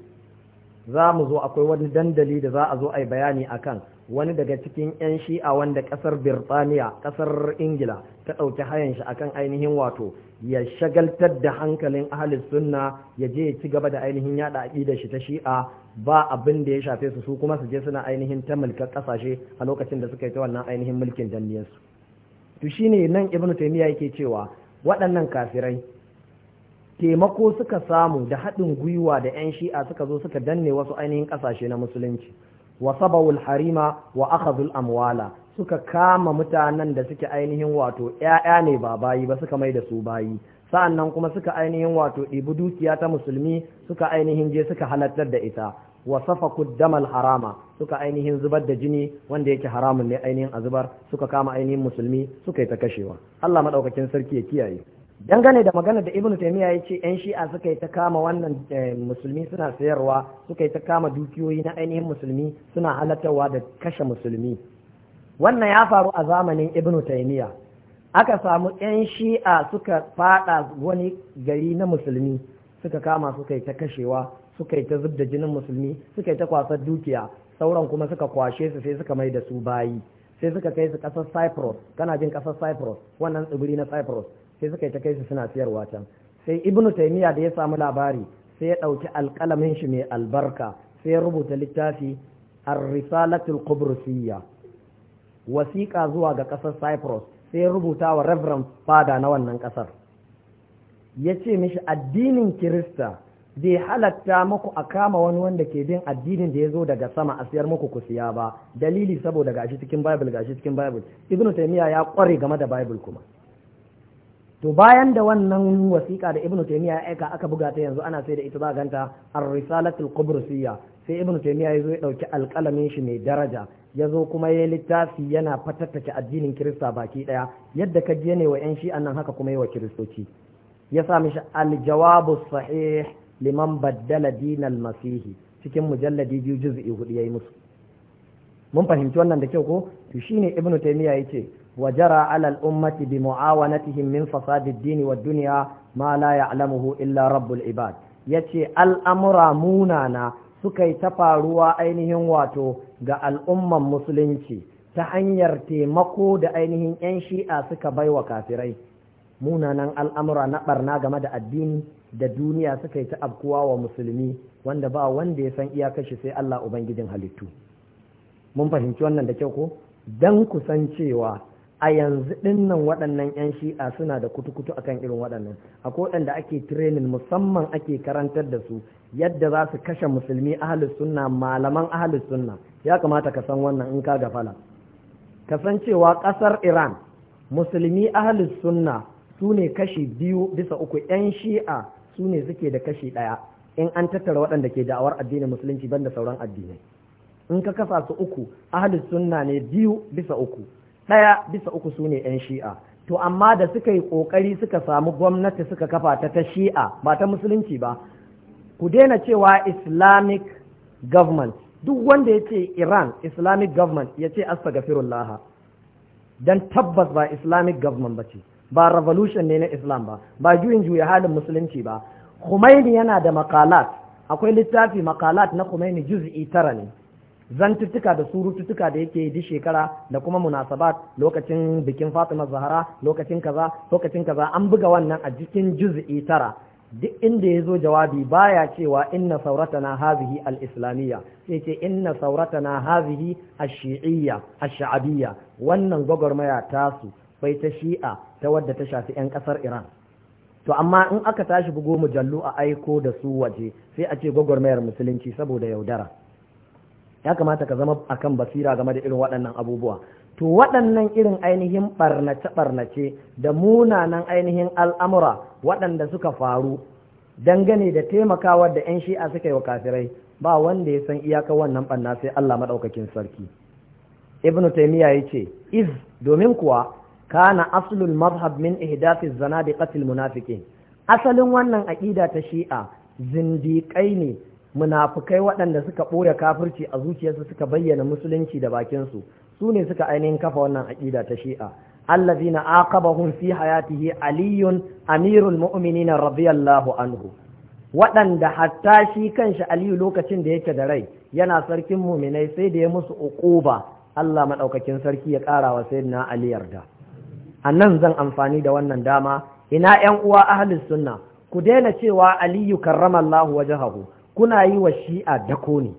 za mu zo akwai wani dandali da za a zo a yi bayani akan wani daga cikin 'yan shi'a wanda kasar birtaniya kasar ingila ta ɗauki hayan shi akan ainihin wato ya shagaltar da hankalin ahli sunna ya je ya ci gaba da ainihin yada aƙidar shi ta shi'a ba abin da ya shafe su su kuma su je suna ainihin ta mulkar ƙasashe a lokacin da suka yi ta wannan ainihin mulkin danniyarsu to shine nan ibnu taymiya yake cewa waɗannan kafirai taimako suka samu da haɗin gwiwa da 'yan shi'a suka zo suka danne wasu ainihin ƙasashe na musulunci Wasabawul harima wa akhadhul amwala suka kama mutanen da suke ainihin wato ƴaƴa ne ba bayi ba suka mai da su bayi sa'annan kuma suka ainihin wato ɗibi dukiya ta musulmi suka ainihin je suka halartar da ita wa safaku damal harama suka ainihin zubar da jini wanda yake haramun ne ainihin a zubar suka kama ainihin musulmi suka yi ta kashewa Allah madaukakin sarki ya kiyaye dangane da magana da ibnu taimiyya ya ce yan shi'a suka yi ta kama wannan eh, musulmi suna sayarwa suka yi ta kama dukiyoyi na ainihin musulmi suna halartarwa da kashe musulmi wannan ya faru a zamanin ibnu taimiyya aka samu yan shi'a suka fada wani gari na musulmi suka kama suka yi ta kashewa suka yi ta zub da jinin musulmi suka yi ta kwasar dukiya sauran kuma suka kwashe su sai suka mai da su bayi sai suka kai su kasar cyprus kana jin kasar cyprus wannan tsibiri na cyprus sai suka yi ta kai su suna siyarwa can sai ibnu taimiyya da ya samu labari sai ya ɗauki alƙalamin shi mai albarka sai ya rubuta littafi ar-risalatul qubrusiyya wasiƙa zuwa ga ƙasar cyprus sai ya rubuta wa reverend fada na wannan ƙasar ya ce mishi addinin kirista zai halatta muku a kama wani wanda ke bin addinin da ya zo daga sama a siyar muku ku siya ba dalili saboda gashi cikin bible gashi cikin bible ibnu taymiya ya kware game da bible kuma to bayan da wannan wasiƙa da ibnu taymiya ya aika aka buga ta yanzu ana sai da ita za ganta ar-risalatul qubrusiyya sai ibnu taymiya ya zo ya dauki alƙalamin shi mai daraja ya zo kuma ya littafi yana fatattake addinin kirista baki daya yadda ka je ne wa yan shi nan haka kuma yi wa kiristoci ya sa mishi al-jawabu sahih liman baddala dinal masihi cikin mujalladi biyu juz'i hudu yayi musu mun fahimci wannan da kyau ko to shine ibnu taymiya yace وجرى على الأمة بمعاونتهم من فساد الدين والدنيا ما لا يعلمه إلا رب العباد يتي الأمر مونانا سكي تفاروا أينهم واتو غا الأمة hanyar تحنير da مقود أينهم ينشي آسك بي وكافري munanan al'amura na barna game da addini da duniya suka yi ta wa musulmi wanda ba wanda ya san iya iyakashi sai Allah Ubangijin halittu. Mun fahimci wannan da kyau ko? Dan kusan cewa a yanzu dinnan waɗannan 'yan shi'a suna da kutukutu akan irin waɗannan akwai waɗanda ake training musamman ake karantar da su yadda za su kashe musulmi ahalus sunna malaman ahalus sunna ya kamata ka san wannan in ka gafala ka san cewa ƙasar iran musulmi ahalus sunna su ne kashi biyu bisa uku 'yan shi'a su ne suke da kashi ɗaya in an tattara waɗanda ke da'awar addinin musulunci banda sauran addinai in ka kasa su uku ahalus sunna ne biyu bisa uku ɗaya bisa uku su ne 'yan shi'a to amma da suka yi ƙoƙari suka samu gwamnati suka kafa ta ta shi'a ba ta musulunci ba ku daina cewa islamic government duk wanda ya ce iran islamic government ya ce astagfirullah dan tabbas ba islamic government ba ce ba revolution ne na islam ba ba juyin juya halin musulunci ba kumaini yana da makalat akwai littafi makalat na kumaini juz'i tara ne zantuttuka da surututtuka da yake duk shekara da kuma munasabat lokacin bikin Fatima Zahara lokacin kaza lokacin kaza an buga wannan a cikin juz'i tara duk inda ya zo jawabi baya cewa inna sauratana hazihi al-islamiyya sai ce inna sauratana hazihi ash-shi'iyya ash-sha'abiyya wannan gwagwarmaya tasu bai ta shi'a ta wadda ta shafi 'yan kasar Iran to amma in aka tashi bugo mujallu a aiko da su waje sai a ce gwagwarmayar musulunci saboda yaudara ya kamata ka zama akan basira game da irin waɗannan abubuwa to waɗannan irin ainihin ɓarnace-ɓarnace da munanan ainihin al'amura waɗanda suka faru dangane da taimakawa da 'yan shi'a suka yi wa kafirai ba wanda ya san iyaka wannan ɓanna sai Allah maɗaukakin sarki Ibn taimiyya ya ce iz domin kuwa kana aslul mazhab min ihdafi zana da qatil munafiqin asalin wannan aƙida ta shi'a zindiƙai ne munafukai waɗanda suka ɓoye kafirci a zuciyarsu suka bayyana musulunci da bakinsu su ne suka ainihin kafa wannan aƙida ta shi'a allazina aqabahum fi hayatihi aliyun amirul mu'minin radiyallahu anhu waɗanda hatta shi kanshi aliyu lokacin da yake da rai yana sarkin muminai sai da ya musu uquba Allah madaukakin sarki ya ƙara wa sayyidina ali yarda annan zan amfani da wannan dama ina 'yan uwa ahlus sunna ku daina cewa aliyu karramallahu wajhahu kuna yi wa shi'a dako ne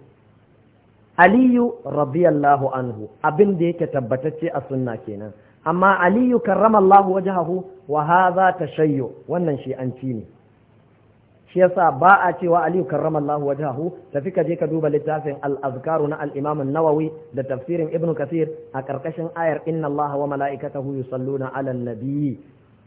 aliyu radiyallahu anhu abin da yake tabbatacce a sunna kenan amma aliyu karramallahu wajahahu wa hadha tashayyu wannan shi'anci ne shi yasa ba a cewa aliyu karramallahu wajhahu tafi ka je ka duba littafin al-azkaru na al-imam an-nawawi da tafsirin ibn kathir a karkashin ayar inna allaha wa mala'ikatahu yusalluna 'alan nabiyyi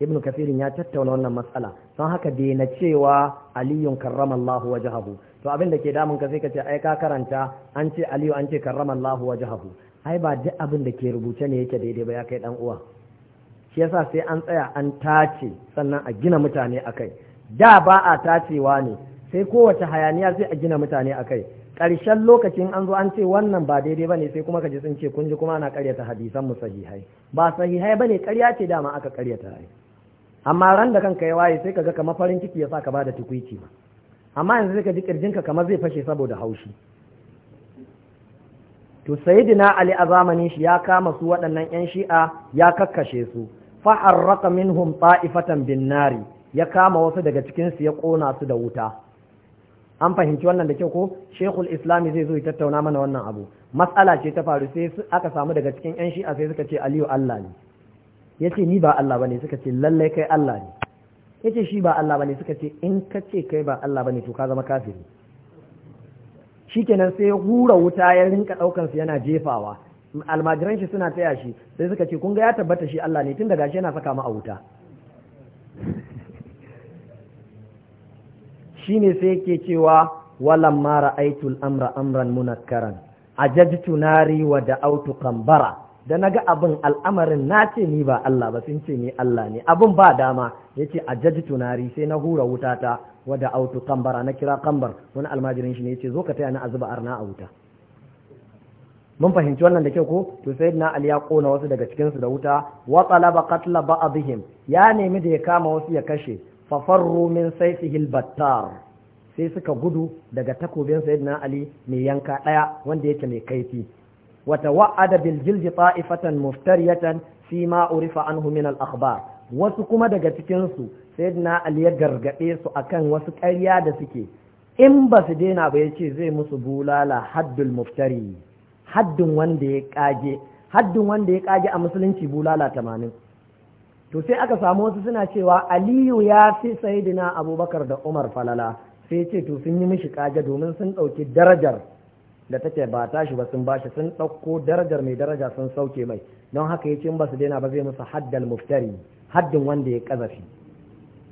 ibn kathir ya tattauna wannan matsala don haka daina cewa aliyun karramallahu wajahahu. to abin da ke damun ka sai ka ce ai ka karanta an ce aliyu an ce karramallahu wajhahu ai ba duk abin da ke rubuce ne yake daidai ba ya kai dan uwa shi yasa sai an tsaya an tace sannan a gina mutane akai da ba a tacewa ne sai kowace hayaniya sai a gina mutane akai ƙarshen lokacin an zo an ce wannan ba daidai bane sai kuma ka je sun ce kun ji kuma ana karyata hadisan mu sahihai ba sahihai ba ne, ƙarya ce dama aka karyata ai amma ran da kanka ya waye sai ka ga kamar farin ciki ya sa ka da tukuici ba amma yanzu ka ji ƙirjinka kamar zai fashe saboda haushi to sayyidina ali a zamanin shi ya kama su waɗannan yan shi'a ya kakkashe su fa'arraka minhum ta'ifatan bin nari ya kama wasu daga cikin su ya ƙona su da wuta an fahimci wannan da kyau ko shekul islami zai zo ya tattauna mana wannan abu matsala ce ta faru sai aka samu daga cikin yan shi'a sai suka ce aliyu allah ne ya ce ni ba allah ba ne suka ce lallai kai allah ne yace shi ba Allah bane suka ce in ka ce kai ba Allah bane to ka zama kafiri kenan sai hura wuta ya rinka daukan su yana jefawa almajiran shi suna taya shi sai suka ce kun ga ya tabbata shi Allah ne tun daga shi yana saka mu a wuta shi ne sai yake cewa walamma ra'aytul amra amran munakkaran ajajtu nari wa da'awtu qambara da na ga abin al'amarin na ce ni ba Allah ba sun ce ni Allah ne abin ba dama ya ce a jaji tunari sai na hura wuta ta wadda autu kambara na kira kambar wani almajirin shi ne ya ce zo ka taya ni azuba arna a wuta mun fahimci wannan da kyau ko to sai na ali ya kona wasu daga cikin su da wuta wa talaba qatla ba'dihim ya nemi da ya kama wasu ya kashe fa farru min sayfihi al-battar sai suka gudu daga takobin sayyidina ali mai yanka daya wanda yake mai kaifi wata fatan وتوعد sima urifa مفترية فيما عرف عنه من الأخبار وسكما دقتكنسو ali ya gargaɗe su akan wasu ƙarya da suke in ba su daina ba ya ce zai musu bulala haddul muftari haddin wanda ya kage haddin wanda ya kage a musulunci bulala tamanin to sai aka samu wasu suna cewa aliyu ya fi saidina abubakar da umar falala sai ce to sun yi mishi kage domin sun ɗauki darajar da take ba tashi ba sun bashi sun ɗauko darajar mai daraja sun sauke mai don haka ya in ba su daina ba zai musu haddal muftari haddin wanda ya kazafi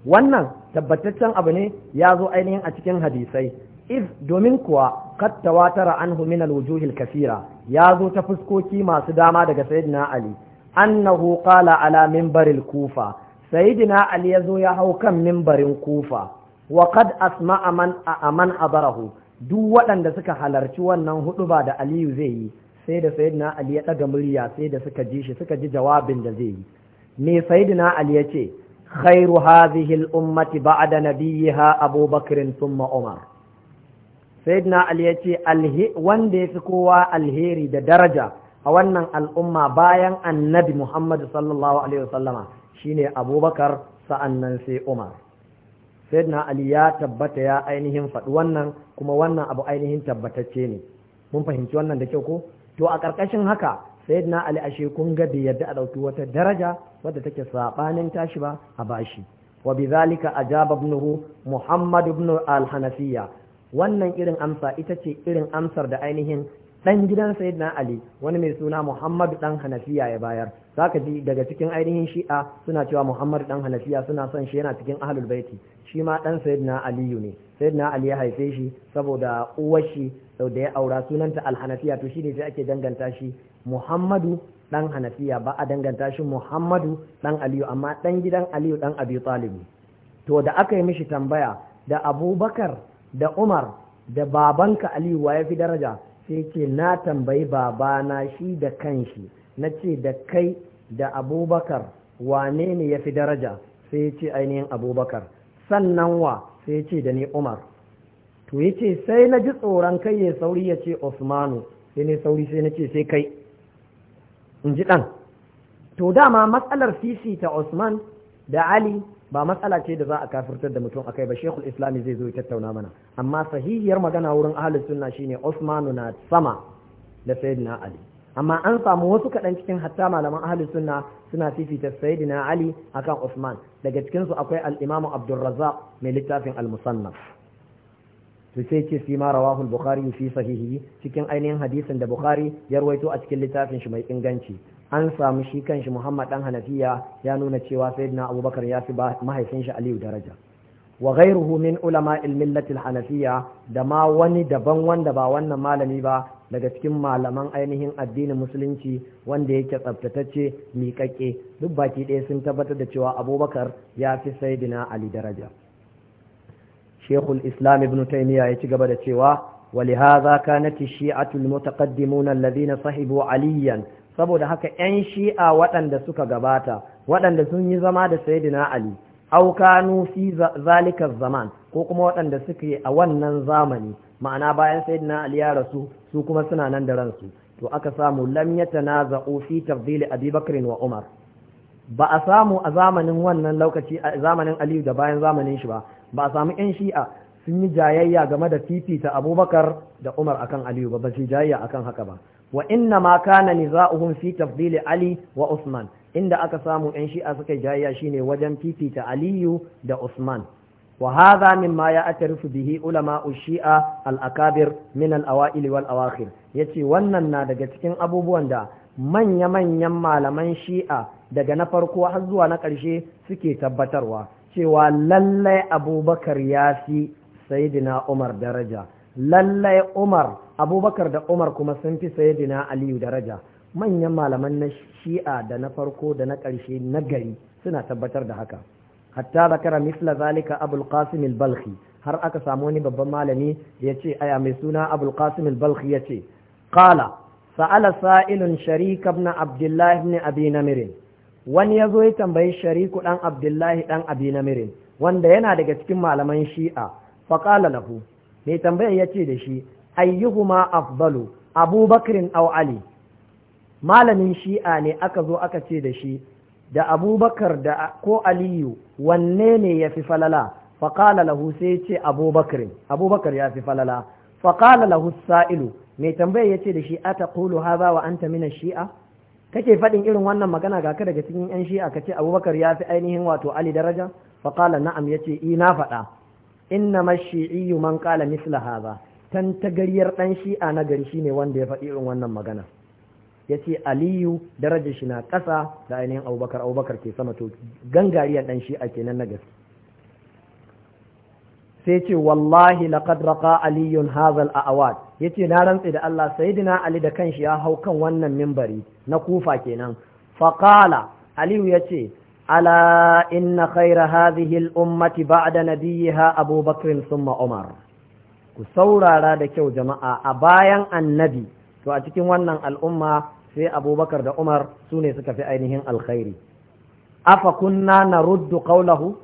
wannan tabbataccen abu ne ya zo ainihin a cikin hadisai if domin kuwa kad tawatara anhu min wujuhil kasira ya zo ta fuskoki masu dama daga sayyidina ali annahu qala ala minbaril kufa sayyidina ali ya zo ya hau kan minbarin kufa wa qad asma'a man a man abarahu duk waɗanda suka halarci wannan ba da aliyu zai yi sai da sayyidina ali ya ɗaga murya sai da suka ji shi suka ji jawabin da zai yi me sayyidina ali ya ce khairu hadhihi al-ummati ba'da nabiyha abubakar thumma umar sayyidina ali ya ce wanda ya fi kowa alheri da daraja a wannan al'umma bayan annabi muhammad sallallahu alaihi wasallama shine abubakar sa'annan sai umar sayyidina ali ya tabbata ya ainihin faɗi wannan kuma wannan abu ainihin tabbatacce ne mun fahimci wannan da kyau ko to a ƙarƙashin haka sayyidina ali ashe kun ga bai yadda a ɗauki wata daraja wadda take saɓanin tashi ba a bashi wa zalika ajaba ibnuhu muhammad ibn al-hanafiya wannan irin amsa ita ce irin amsar da ainihin dan gidan sayyidina ali wani mai suna muhammad dan hanafiya ya bayar zaka ji daga cikin ainihin shi'a suna cewa muhammad dan hanafiya suna son shi yana cikin ahlul baiti shi ma dan sayyidina aliyu ne sayyidina ali ya haife shi saboda uwar shi da ya aura sunanta al-hanafiya to shine sai ake danganta shi muhammadu dan hanafiya ba a danganta shi muhammadu dan aliyu amma dan gidan aliyu dan abi talib to da aka yi mishi tambaya da abubakar da umar da babanka aliyu wa ya fi daraja sai ce na tambayi babana shi da kanshi na ce da kai da abubakar wane ne ya fi daraja sai ce ainihin abubakar sannan wa sai ce da ni umar to ya ce sai na ji tsoron kai ya sauri ya ce osmanu sai ne sauri sai na ce sai kai in ji ɗan to dama matsalar ta osman da ali ba matsala ce da za a kafirtar da mutum akai ba shekul islami zai zo ya tattauna mana amma sahihiyar magana wurin ahlus sunna shine Usmanu na sama da sayyidina Ali amma an samu wasu kaɗan cikin hatta malaman ahlus sunna suna fifita sayyidina Ali akan Usman daga cikin su akwai al-Imam Abdurrazzaq mai littafin al-Musannaf to sai ce fi ma rawahu al-Bukhari fi sahihi cikin ainihin hadisin da Bukhari ya rawaito a cikin littafin shi mai inganci an samu shi kanshi Muhammad dan Hanafiya ya nuna cewa Sayyidina Abubakar ya fi mahaifin shi Aliyu daraja wa ghairuhu min ulama al-millati al-hanafiyya da ma wani daban wanda ba wannan malami ba daga cikin malaman ainihin addinin musulunci wanda yake tsaftatacce miƙaƙe duk baki ɗaya sun tabbatar da cewa abubakar ya fi saidina ali daraja shekul islam ibn taymiya ya ci gaba da cewa ولهذا كانت الشيعة المتقدمون الذين صحبوا عليا saboda haka 'yan shi'a waɗanda suka gabata waɗanda sun yi zama da sayidina ali aukanu fi zalikar zaman ko kuma waɗanda suke a wannan zamani ma'ana bayan sayidina ali ya rasu su kuma suna nan da ransu to aka samu lam yatanaza'u fi tafdili abubakar wa umar ba a samu a zamanin wannan lokaci a zamanin aliyu da bayan zamanin shi ba ba a samu 'yan shi'a sun yi jayayya game da fifita abubakar da umar akan aliyu ba ba su jayayya akan haka ba wa inna ma kana niza'uhum fi tafdil ali wa usman inda aka samu yan shi'a suka jayya shine wajen fifita aliyu da usman wa hadha mimma ya'tarifu bihi ulama shi'a al-akabir min al-awa'il wal awakhir yace wannan na daga cikin abubuwan da manya-manyan malaman shi'a daga na farko har zuwa na ƙarshe suke tabbatarwa cewa lallai abubakar ya fi sayidina umar daraja lallai umar abubakar da umar kuma sun fi dina aliyu daraja manyan malaman na shi'a da na farko da na ƙarshe na gari suna tabbatar da haka hatta zakara misla zalika abul qasim al-balkhi har aka samu wani babban malami da yace aya mai suna abul qasim al-balkhi yace qala sa'ala sa'ilun sharik ibn abdullah ibn abi namir wani yazo ya tambayi shariku dan abdullahi dan abi namir wanda yana daga cikin malaman shi'a faqala lahu mai tambayan ya ce da shi ayyuhuma afdalu abubakrin aw ali malamin shi'a ne aka zo aka ce da shi da abubakar da ko aliyu wanne ne ya fi falala faƙala lahu sai ya ce abubakar abubakar ya fi falala faƙala lahu sa'ilu mai tambaya ya ce da shi ata kulu haza wa anta mina shi'a kake faɗin irin wannan magana ga ka daga cikin yan shi'a ka ce abubakar ya fi ainihin wato ali daraja faƙala na'am ya ce Ina eh, faɗa inna mashi'iyu man qala misla hadha tan tagariyar dan shi'a na gari shine wanda ya faɗi irin wannan magana yace aliyu darajar shi na ƙasa da ainihin abubakar abubakar ke sama to gangariyar dan shi'a kenan na gaske sai ce wallahi laqad raqa aliyun hazal awad yace na rantse da Allah sayyidina ali da kanshi ya hau kan wannan mimbari na kufa kenan faqala aliyu yace ألا إن خير هذه الأمة بعد نبيها أبو بكر ثم عمر كسورة رادك جماعة أبايا النبي فأتكي ونن الأمة في أبو بكر دا عمر سوني سكا في أينهم الخير أفكنا نرد قوله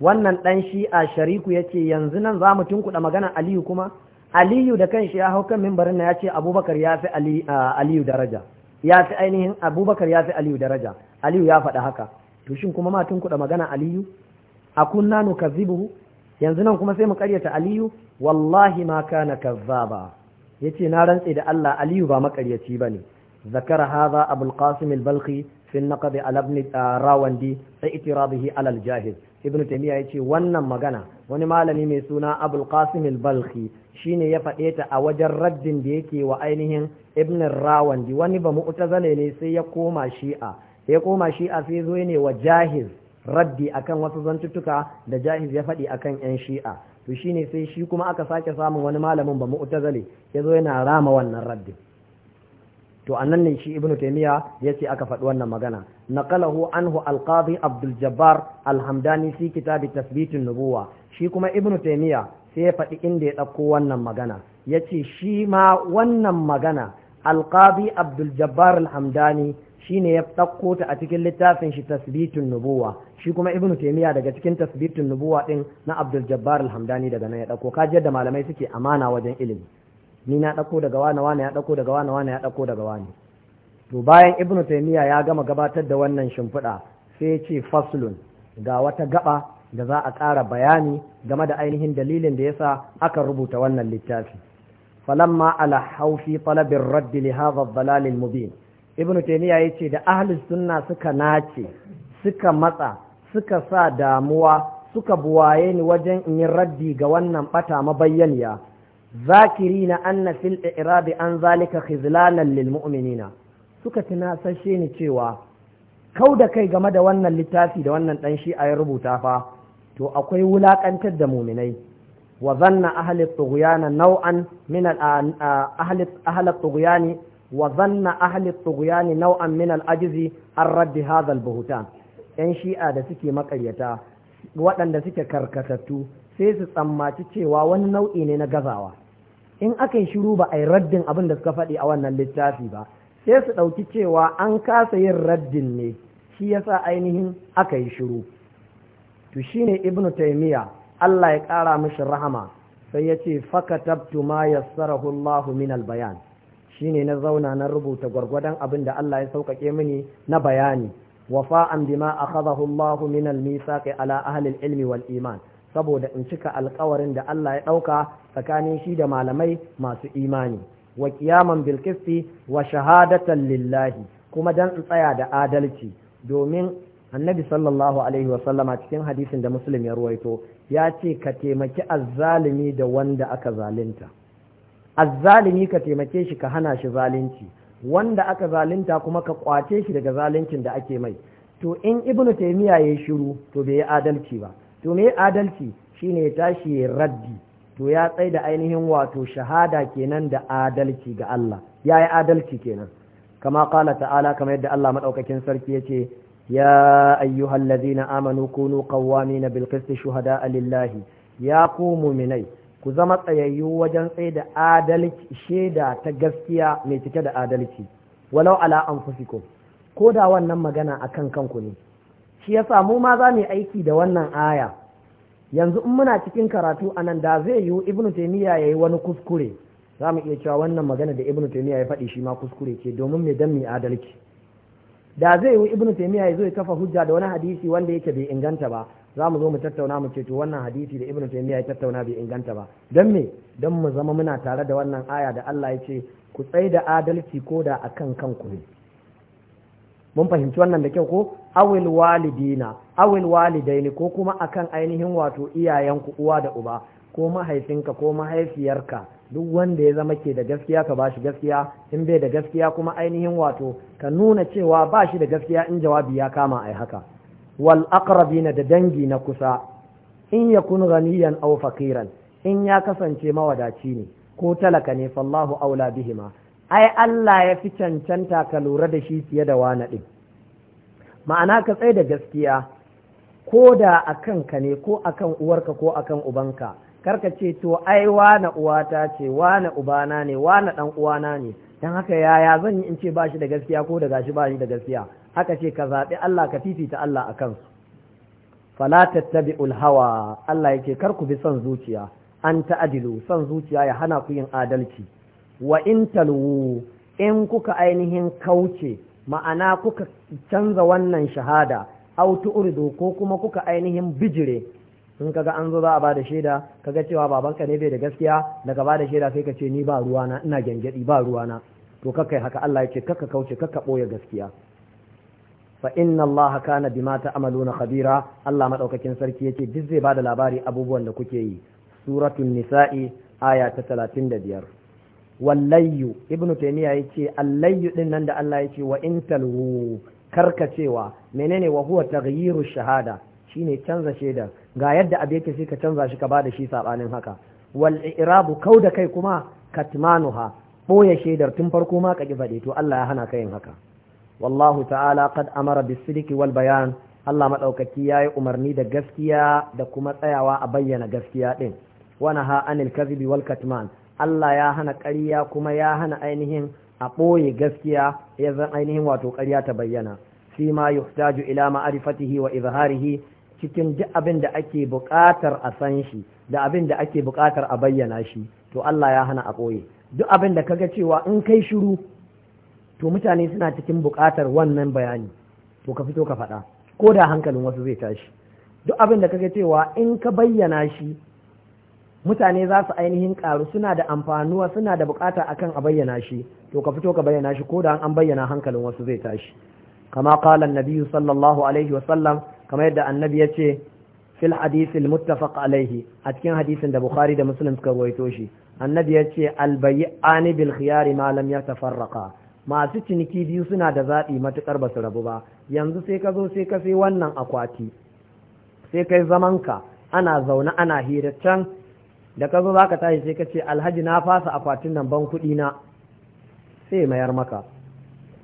wannan ɗan shi'a shariku ya ce yanzu nan za mu tunkuɗa magana aliyu kuma aliyu da kanshi ya hau kan mimbarin na ya ce abubakar ya fi aliyu daraja ya fi ainihin abubakar ya fi aliyu daraja aliyu ya faɗa haka to shin kuma matun kuɗa magana aliyu a kunna nukazzibuhu yanzu nan kuma sai mu karyata aliyu wallahi ma kana kazzaba yace na rantse da Allah aliyu ba makaryaci bane zakara hadha abul qasim al balqi fi naqd al ibn ah, rawandi fi itirabihi ala al jahil ibn taymiya yace wannan magana wani malami mai suna abul qasim al balqi shine ya faɗe ta a wajen raddin da yake wa ainihin ibn rawandi wani ba mu'tazale ne sai ya koma shi'a ya koma shi a sai zo ne wa jahiz raddi akan wasu zantuttuka da jahiz ya faɗi akan yan shi'a to ne sai shi kuma aka sake samun wani malamin ba mu'tazali ya zo yana rama wannan raddi to annan ne shi ibnu ya ce aka faɗi wannan magana naqalahu anhu al-qadi abdul jabbar al-hamdani kitabi tasbitin nubuwa shi kuma ibnu taymiya sai ya faɗi inda ya ɗauko wannan magana yace shi ma wannan magana al-qadi abdul jabbar Shi ne ya ɗauko ta a cikin littafin shi tasbitun nubuwa shi kuma ibn taymiya daga cikin tasbitun nubuwa din na abdul jabbar al-hamdani daga nan ya ɗauko jiyar da malamai suke amana wajen ilimi ni na ɗauko daga wani wani ya ɗauko daga wani wani ya ɗauko daga wani to bayan ibn taymiya ya gama gabatar da wannan shimfiɗa sai ya ce faslun ga wata gaba da za a ƙara bayani game da ainihin dalilin da yasa aka rubuta wannan littafi falamma ala haufi talabin raddi li hadha ad mubin ibnu taymiya yace da ahlus sunna suka nace suka matsa suka sa damuwa suka buwaye ni wajen in yi raddi ga wannan bata mabayyaniya zakiri na anna fil irabi an zalika khizlanan lil mu'minina suka tunasashe ni cewa kau da kai game da wannan littafi da wannan dan shi ya rubuta fa to akwai wulakantar da muminai wa zanna ahli tughyana naw'an min ahli ahli tughyani wa zanna ahli tughyani nau'an min al-ajzi an raddi hadha al-buhtan yan shi'a da suke makaryata waɗanda suke karkatattu sai su tsammaci cewa wani nau'i ne na gazawa in aka yi shiru ba a yi raddin abin da suka faɗi a wannan littafi ba sai su ɗauki cewa an kasa yin raddin ne shi yasa ainihin aka yi shiru to shine ibnu taymiya Allah ya ƙara mishi rahama sai yace ce fakatabtu ma yassarahu Allahu min al-bayan shine na zauna na rubuta gwargwadon abin da Allah ya sauƙaƙe mini na bayani wafa'an bima akhadahu Allah min al kai ala ahli al-ilmi wal iman saboda in cika alƙawarin da Allah ya ɗauka tsakanin shi da malamai masu imani wa ƙiyaman bil wa shahadatan lillahi kuma dan in tsaya da adalci domin annabi sallallahu alaihi wa sallama cikin hadisin da muslim ya ruwaito ya ce ka taimaki azzalimi da wanda aka zalunta azzalimi ka taimake shi ka hana shi zalunci wanda aka zalunta kuma ka kwace shi daga zaluncin da ake mai to in ibnu taymiya yayi shiru to bai yi adalci ba to me adalci shine ya tashi ya raddi to ya tsai da ainihin wato shahada kenan da adalci ga Allah ya yi adalci kenan kama kala ta'ala kama yadda Allah maɗaukakin sarki ya ce ya ayyuhallazina amanu kunu qawwamina bil qisti shuhada lillahi ya ku muminai ku zama tsayayyu wajen tsaye da adalci shaida ta gaskiya mai cike da adalci walau ala anfusikum ko da wannan magana a kan kanku ne shi yasa mu ma za mu yi aiki da wannan aya yanzu in muna cikin karatu a nan da zai yiwu ibnu ya yi wani kuskure za mu iya cewa wannan magana da ibnu taimiyya ya faɗi shi ma kuskure ce domin mai dan mai adalci da zai yiwu ibnu taimiyya ya zo ya kafa hujja da wani hadisi wanda yake bai inganta ba za mu zo mu tattauna mu ce to wannan hadisi da ibnu taymiya ya tattauna bai inganta ba dan me dan mu zama muna tare da wannan aya da Allah ya ce ku tsai da adalci ko da akan kanku ne mun fahimci wannan da kyau ko awil walidina awil walidaini ko kuma akan ainihin wato iyayenku uwa da uba ko mahaifinka ko mahaifiyarka duk wanda ya zama ke da gaskiya ka bashi gaskiya in bai da gaskiya kuma ainihin wato ka nuna cewa bashi da gaskiya in jawabi ya kama ai haka wal aqrabina da dangi na kusa in ya yakun ghaniyan aw fakiran in ya kasance mawadaci ne ko talaka ne fallahu aula bihima ai Allah ya fi cancanta ka lura da shi fiye da wani din ma'ana ka tsaye da gaskiya ko da akan ka ne ko akan uwarka ko akan ubanka ka ce to ai wane uwata ce wane ubana ne wane dan uwana ne dan haka yaya zan yi in ce ba shi da gaskiya ko da gashi ba shi da gaskiya aka ce ka zaɓi Allah ka fifita Allah a kansu fala tattabi hawa Allah yake kar ku bi son zuciya an ta'adilu son zuciya ya hana ku yin adalci wa in talwu in kuka ainihin kauce ma'ana kuka canza wannan shahada autu urdu ko kuma kuka ainihin bijire in kaga an zo za a bada shaida kaga cewa babanka ne bai da gaskiya daga bada shaida sai ka ce ni ba ruwana ina gyangyaɗi ba ruwana to kakai haka Allah ya ce kaka kauce kaka ɓoye gaskiya fa inna allaha kana bima ta'maluna khabira Allah madaukakin sarki yace duk zai bada labari abubuwan da kuke yi suratul nisa'i aya ta 35 wallayyu ibnu taymiya yace allayyu din nan da Allah yace wa intalhu karkacewa menene wa huwa taghyiru shahada shine canza shaidar ga yadda abu yake sai ka canza shi ka bada shi sabanin haka wal i'rabu kauda kai kuma katmanuha boye shaidar tun farko ma ka ki to Allah ya hana ka yin haka wallahu ta'ala qad amara bisidiki wal bayan Allah ya yi umarni da gaskiya da kuma tsayawa a bayyana gaskiya ɗin. wa naha anil kadhibi wal katman Allah ya hana ƙarya kuma ya hana ainihin a ɓoye gaskiya ya ainihin wato ƙarya ta bayyana fi ma yuhtaju ila ma'rifatihi wa izharihi cikin duk abin da ake buƙatar a san shi da abin da ake buƙatar a bayyana shi to Allah ya hana a ɓoye duk abin da kaga cewa in kai shiru to mutane suna cikin buƙatar wannan bayani to ka fito ka faɗa ko da hankalin wasu zai tashi duk abin da kaga cewa in ka bayyana shi mutane za su ainihin ƙaru suna da amfanuwa suna da buƙata akan a bayyana shi to ka fito ka bayyana shi ko da an bayyana hankalin wasu zai tashi kama qala annabi sallallahu alaihi wa sallam kamar yadda annabi ya ce fil hadisi muttafaq alaihi a cikin hadisin da bukhari da muslim suka rawaito shi annabi ya ce al bay'ani bil khiyari ma lam yatafarraqa masu ciniki biyu suna da zaɓi matuƙar ba su rabu ba yanzu sai ka zo sai ka sai wannan akwati sai kai zamanka ana zaune ana hira can da ka zo za ka tashi sai ka ce alhaji na fasa akwatin nan ban kuɗi na sai mayar maka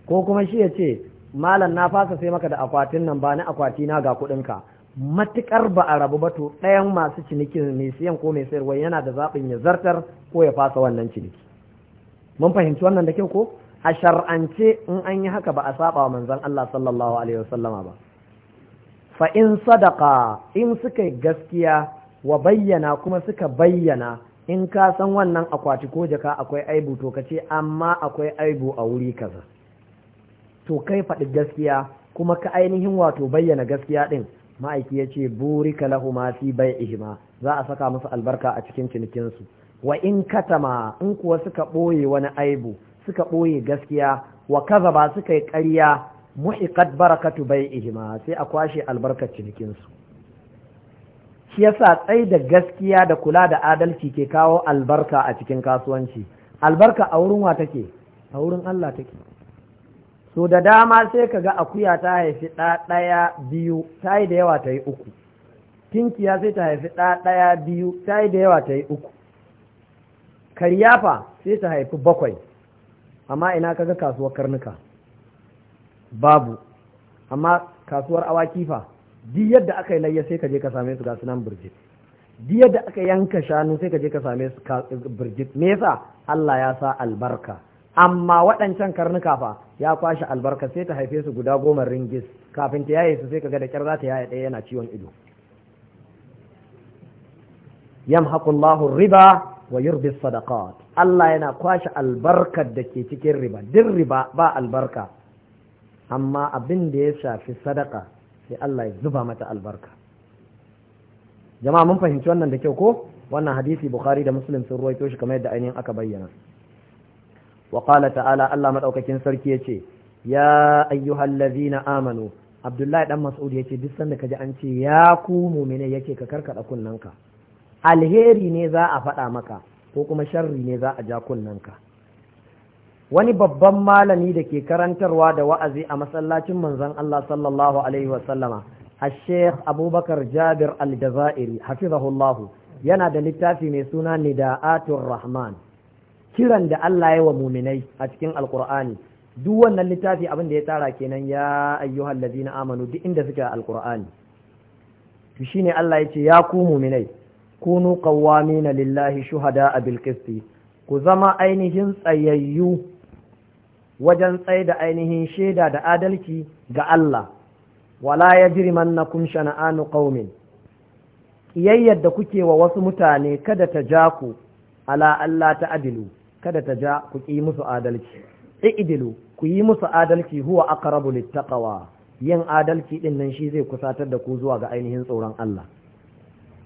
ko kuma shi ya ce malam na fasa sai maka da akwatin nan ba ni akwati na ga kuɗinka matuƙar ba a rabu ba to ɗayan masu cinikin mai siyan ko mai sayarwa yana da zaɓin ya zartar ko ya fasa wannan ciniki mun fahimci wannan da kyau ko a shar'ance in an yi haka ba a saba manzon Allah sallallahu alaihi wasallama ba fa in sadaka in suka yi gaskiya wa bayyana kuma suka bayyana in ka san wannan akwati ko jaka akwai aibu to ka ce amma akwai aibu a wuri kaza to kai faɗi gaskiya kuma ka ainihin wato bayyana gaskiya ɗin ma'aiki ya ce buri ka lahuma fi bai'ihima za a saka musu albarka a cikin cinikinsu wa in katama in kuwa suka ɓoye wani aibu suka ɓoye gaskiya wa kaza ba suka yi ƙarya muhiqat barakatu ihima sai a kwashe albarkar cinikinsu shi yasa tsai da gaskiya da kula da adalci ke kawo albarka a cikin kasuwanci albarka a wurin wa take a wurin Allah take so da dama sai ka ga akuya ta haifi ɗa ɗaya biyu ta yi da yawa ta yi uku tinkiya sai ta haifi ɗa ɗaya biyu ta yi da yawa ta yi uku karyafa sai ta haifi bakwai amma ina kaga kasuwar karnuka babu amma kasuwar awaki fa duk yadda aka yi layya sai ka je ka same su ga sunan birjit duk yadda aka yanka shanu sai ka je ka same su birjit me yasa Allah ya sa albarka amma waɗancan karnuka fa ya kwashe albarka sai ta haife su guda goma ringis kafin ta yaye su sai ka ga da kyar za ta yaye ɗaya yana ciwon ido yamhaqullahu riba wa yurbi sadaqat Allah yana kwashe albarkar da ke cikin riba din riba ba albarka amma abin da ya shafi sadaka sai Allah ya zuba mata albarka jama'a mun fahimci wannan da kyau ko wannan hadisi bukhari da muslim sun ruwaito shi kamar yadda ainihin aka bayyana wa qala ta'ala Allah madaukakin sarki yace ya ayyuhallazina amanu abdullahi dan mas'ud yace duk sanda kaji an ce ya ku mu'mine yake ka karkada kunnanka alheri ne za a faɗa maka ko kuma sharri ne za a ja kunnanka wani babban malami da ke karantarwa da wa'azi a masallacin manzon Allah sallallahu alaihi wasallama الشيخ أبو بكر جابر الجزائري حفظه yana da littafi mai suna nida'atul rahman kiran da Allah ya wa muminai a cikin alkur'ani duk wannan littafi abin da ya tara kenan ya ayyuhal ladina amanu duk inda suke alkur'ani to shine Allah ya ce ya ku muminai kunu qawwamina lillahi shuhada a qisti ku zama ainihin tsayayyu wajen tsaye da ainihin shaida da adalci ga Allah wala yajrimannakum shana'anu qaumin kiyayyar da kuke wa wasu mutane kada ta ja ku ala Allah ta adilu kada ta ja ku ƙi musu adalci i'dilu ku yi musu adalci huwa aqrabu littaqwa yin adalci din shi zai kusatar da ku zuwa ga ainihin tsoron Allah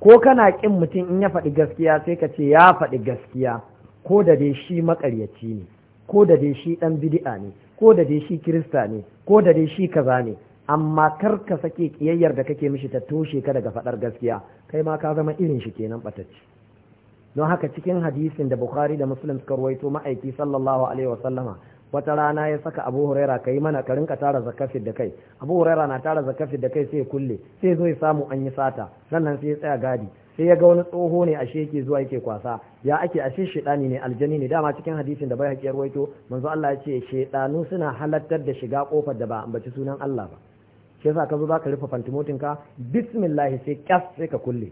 ko kana ƙin mutum in ya faɗi gaskiya sai ka ce ya faɗi gaskiya ko da dai shi maƙaryaci ne ko da dai shi ɗan bidi'a ne ko da dai shi kirista ne ko da dai shi kaza ne amma kar ka sake ƙiyayyar da kake mishi ta toshe ka daga faɗar gaskiya kai ma ka zama irin shi kenan ɓatacci. don haka cikin hadisin da bukhari da muslim suka ruwaito ma'aiki sallallahu alaihi wa sallama. wata rana ya saka abu huraira ka yi mana ka rinka tara zakafin da kai abu huraira na tara zakafi da kai sai ya kulle sai zo ya samu an yi sata sannan sai ya tsaya gadi sai ya ga wani tsoho ne ashe yake zuwa yake kwasa ya ake ashe shedani ne aljani ne dama cikin hadisin da bai haƙi yarwaito manzo Allah ya ce shedanu suna halattar da shiga kofar da ba ambaci sunan Allah ba shi yasa ka zo zaka rufe fantimotin ka bismillah sai kyas sai ka kulle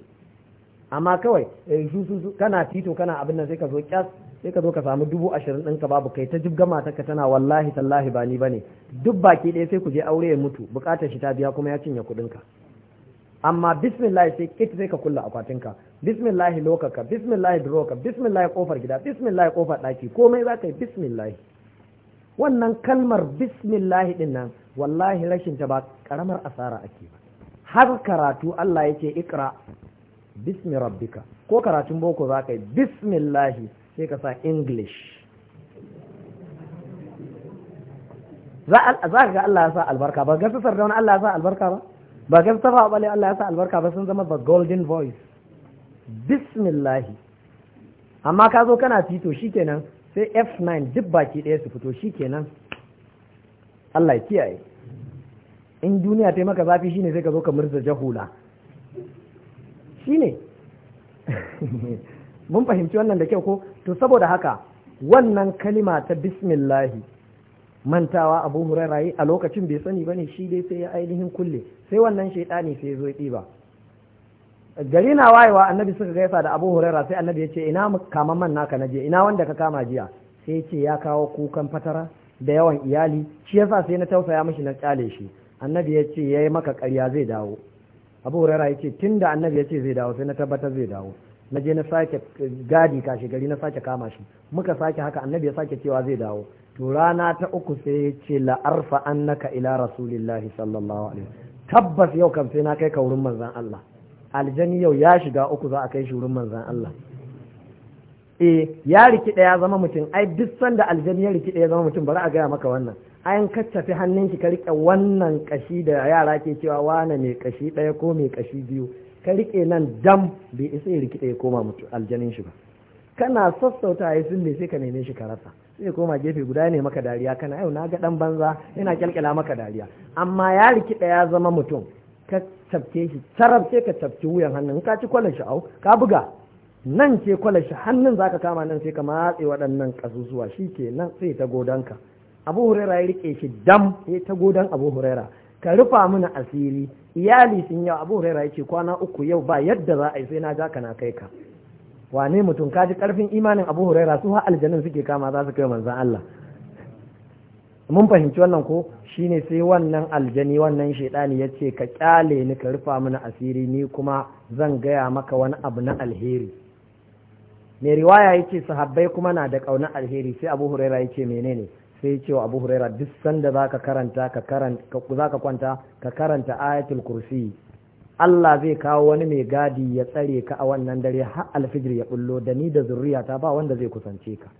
amma kawai eh, su kana tito kana abin nan sai ka zo kyas sai ka zo ka samu dubu ashirin ɗinka babu kai ta jibga matarka tana wallahi tallahi ba ni ba ne duk baki ɗaya sai ku je aure ya mutu bukatar shi ta biya kuma ya cinye kuɗinka amma bismillah sai kit sai ka kulla akwatinka bismillah lokaka bismillah duroka bismillah kofar gida bismillah kofar ɗaki komai za ka yi bismillah wannan kalmar bismillah ɗin nan wallahi rashin ta ba karamar asara ake ba har karatu Allah ya ce ikra bismi rabbika ko karatun boko za ka yi bismillah sai ka sa english za ka ga Allah ya sa albarka ba gasu wani Allah ya sa albarka ba ba ta tafa bale Allah ya sa albarka ba sun zama the golden voice Bismillahi. amma ka zo kana fito shikenan sai F9 duk baki ɗaya su fito shikenan Allah ya kiyaye in duniya ta maka zafi shine sai ka zo ka murza jahula shine mun fahimci wannan da kyau ko to saboda haka wannan kalima ta bismillahi mantawa abu huraira yi a lokacin bai sani bane shi dai sai ya ainihin kulle sai wannan shaidani sai ya zo ɗiba gari na wayewa annabi suka gaisa da abu huraira sai annabi ya ce ina kama man naka naje ina wanda ka kama jiya sai ce ya kawo kukan fatara da yawan iyali shi yasa sai na tausaya mishi na kyale shi annabi ya ce yayi maka ƙarya zai dawo abu huraira ya ce tunda annabi ya ce zai dawo sai na tabbatar zai dawo na je na sake gadi kashe gari na sake kama shi muka sake haka annabi ya sake cewa zai dawo to rana ta uku sai ya ce la arfa annaka ila rasulillahi sallallahu alaihi tabbas yau kan sai na kai ka wurin manzon Allah aljani yau ya shiga uku za a kai shi wurin manzon Allah eh ya riki ya zama mutum ai duk sanda aljani ya riki ya zama mutum bari a gaya maka wannan an fi hannunki ka rike wannan kashi da yara ke cewa wane mai kashi ɗaya ko mai kashi biyu ka riƙe nan dam bai isa ya rikide ya koma mutu aljanin shi ba kana sassauta ya sun sai ka neme shi ka rasa sai ya koma gefe guda ne maka dariya kana yau na ga dan banza yana kyalkyala maka dariya amma ya rikida ya zama mutum ka cafke shi sarar sai ka cafke wuyan hannun ka ci kwalar shi au ka buga nan ce kwalar shi hannun zaka kama nan sai ka matse waɗannan ƙasusuwa shi ke nan sai ta godanka abu huraira ya rike shi dam ya ta godan abu huraira ka rufa mana asiri iyali sun yau abu huraira yake kwana uku yau ba yadda za a yi sai na ja kana kai ka wane mutum ka ji karfin imanin abu huraira su har aljanin suke kama za su kai manzan Allah mun fahimci wannan ko shine sai wannan aljani wannan shaidani ya ce ka kyale ni ka rufa mana asiri ni kuma zan gaya maka wani abu na alheri mai riwaya ya ce sahabbai kuma na da ƙaunar alheri sai abu huraira ya ce menene sai cewa abu huraira duk sanda za ka karanta ka karanta kwanta ka karanta ayatul kursi Allah zai kawo wani mai gadi ya tsare ka a wannan dare har alfijir ya bullo da ni da ta ba wanda zai kusance ka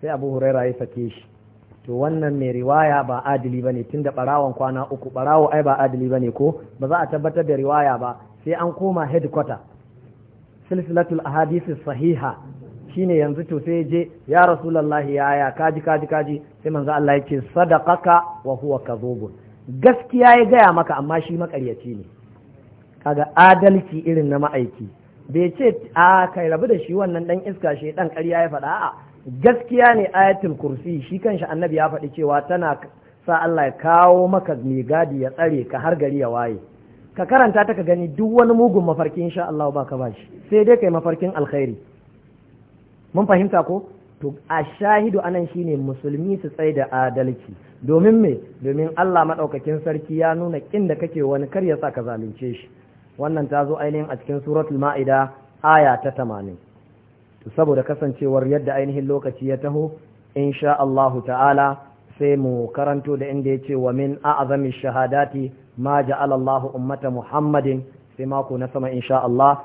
sai abu huraira ya sake shi to wannan mai riwaya ba adili bane tunda barawon kwana uku barawo ai ba adili bane ko ba za a tabbatar da riwaya ba sai an koma headquarter silsilatul ahadisi sahiha shine yanzu to sai je ya ya ya kaji kaji kaji sai manzo Allah ya ce sadaqaka wa huwa kadhubun gaskiya ya gaya maka amma shi makaryaci ne kaga adalci irin na ma'aiki bai ce a kai rabu da shi wannan dan iska shi dan ƙarya ya faɗa a gaskiya ne ayatul kursi shi kanshi annabi ya faɗi cewa tana sa Allah ya kawo maka mai gadi ya tsare ka har gari ya waye ka karanta ta ka gani duk wani mugun mafarkin insha Allah ba ka bashi sai dai kai mafarkin alkhairi mun fahimta ko to a shahidu anan shine musulmi su tsaye da adalci domin me domin Allah madaukakin sarki ya nuna kin da kake wani kar ya sa ka zalunce shi wannan ta zo ainihin a cikin suratul ma'ida aya ta 80 to saboda kasancewar yadda ainihin lokaci ya taho insha Allah ta'ala sai mu karanto da inda yace wa min a'zami shahadati ma ja'ala Allah ummata Muhammadin sai mako na sama insha Allah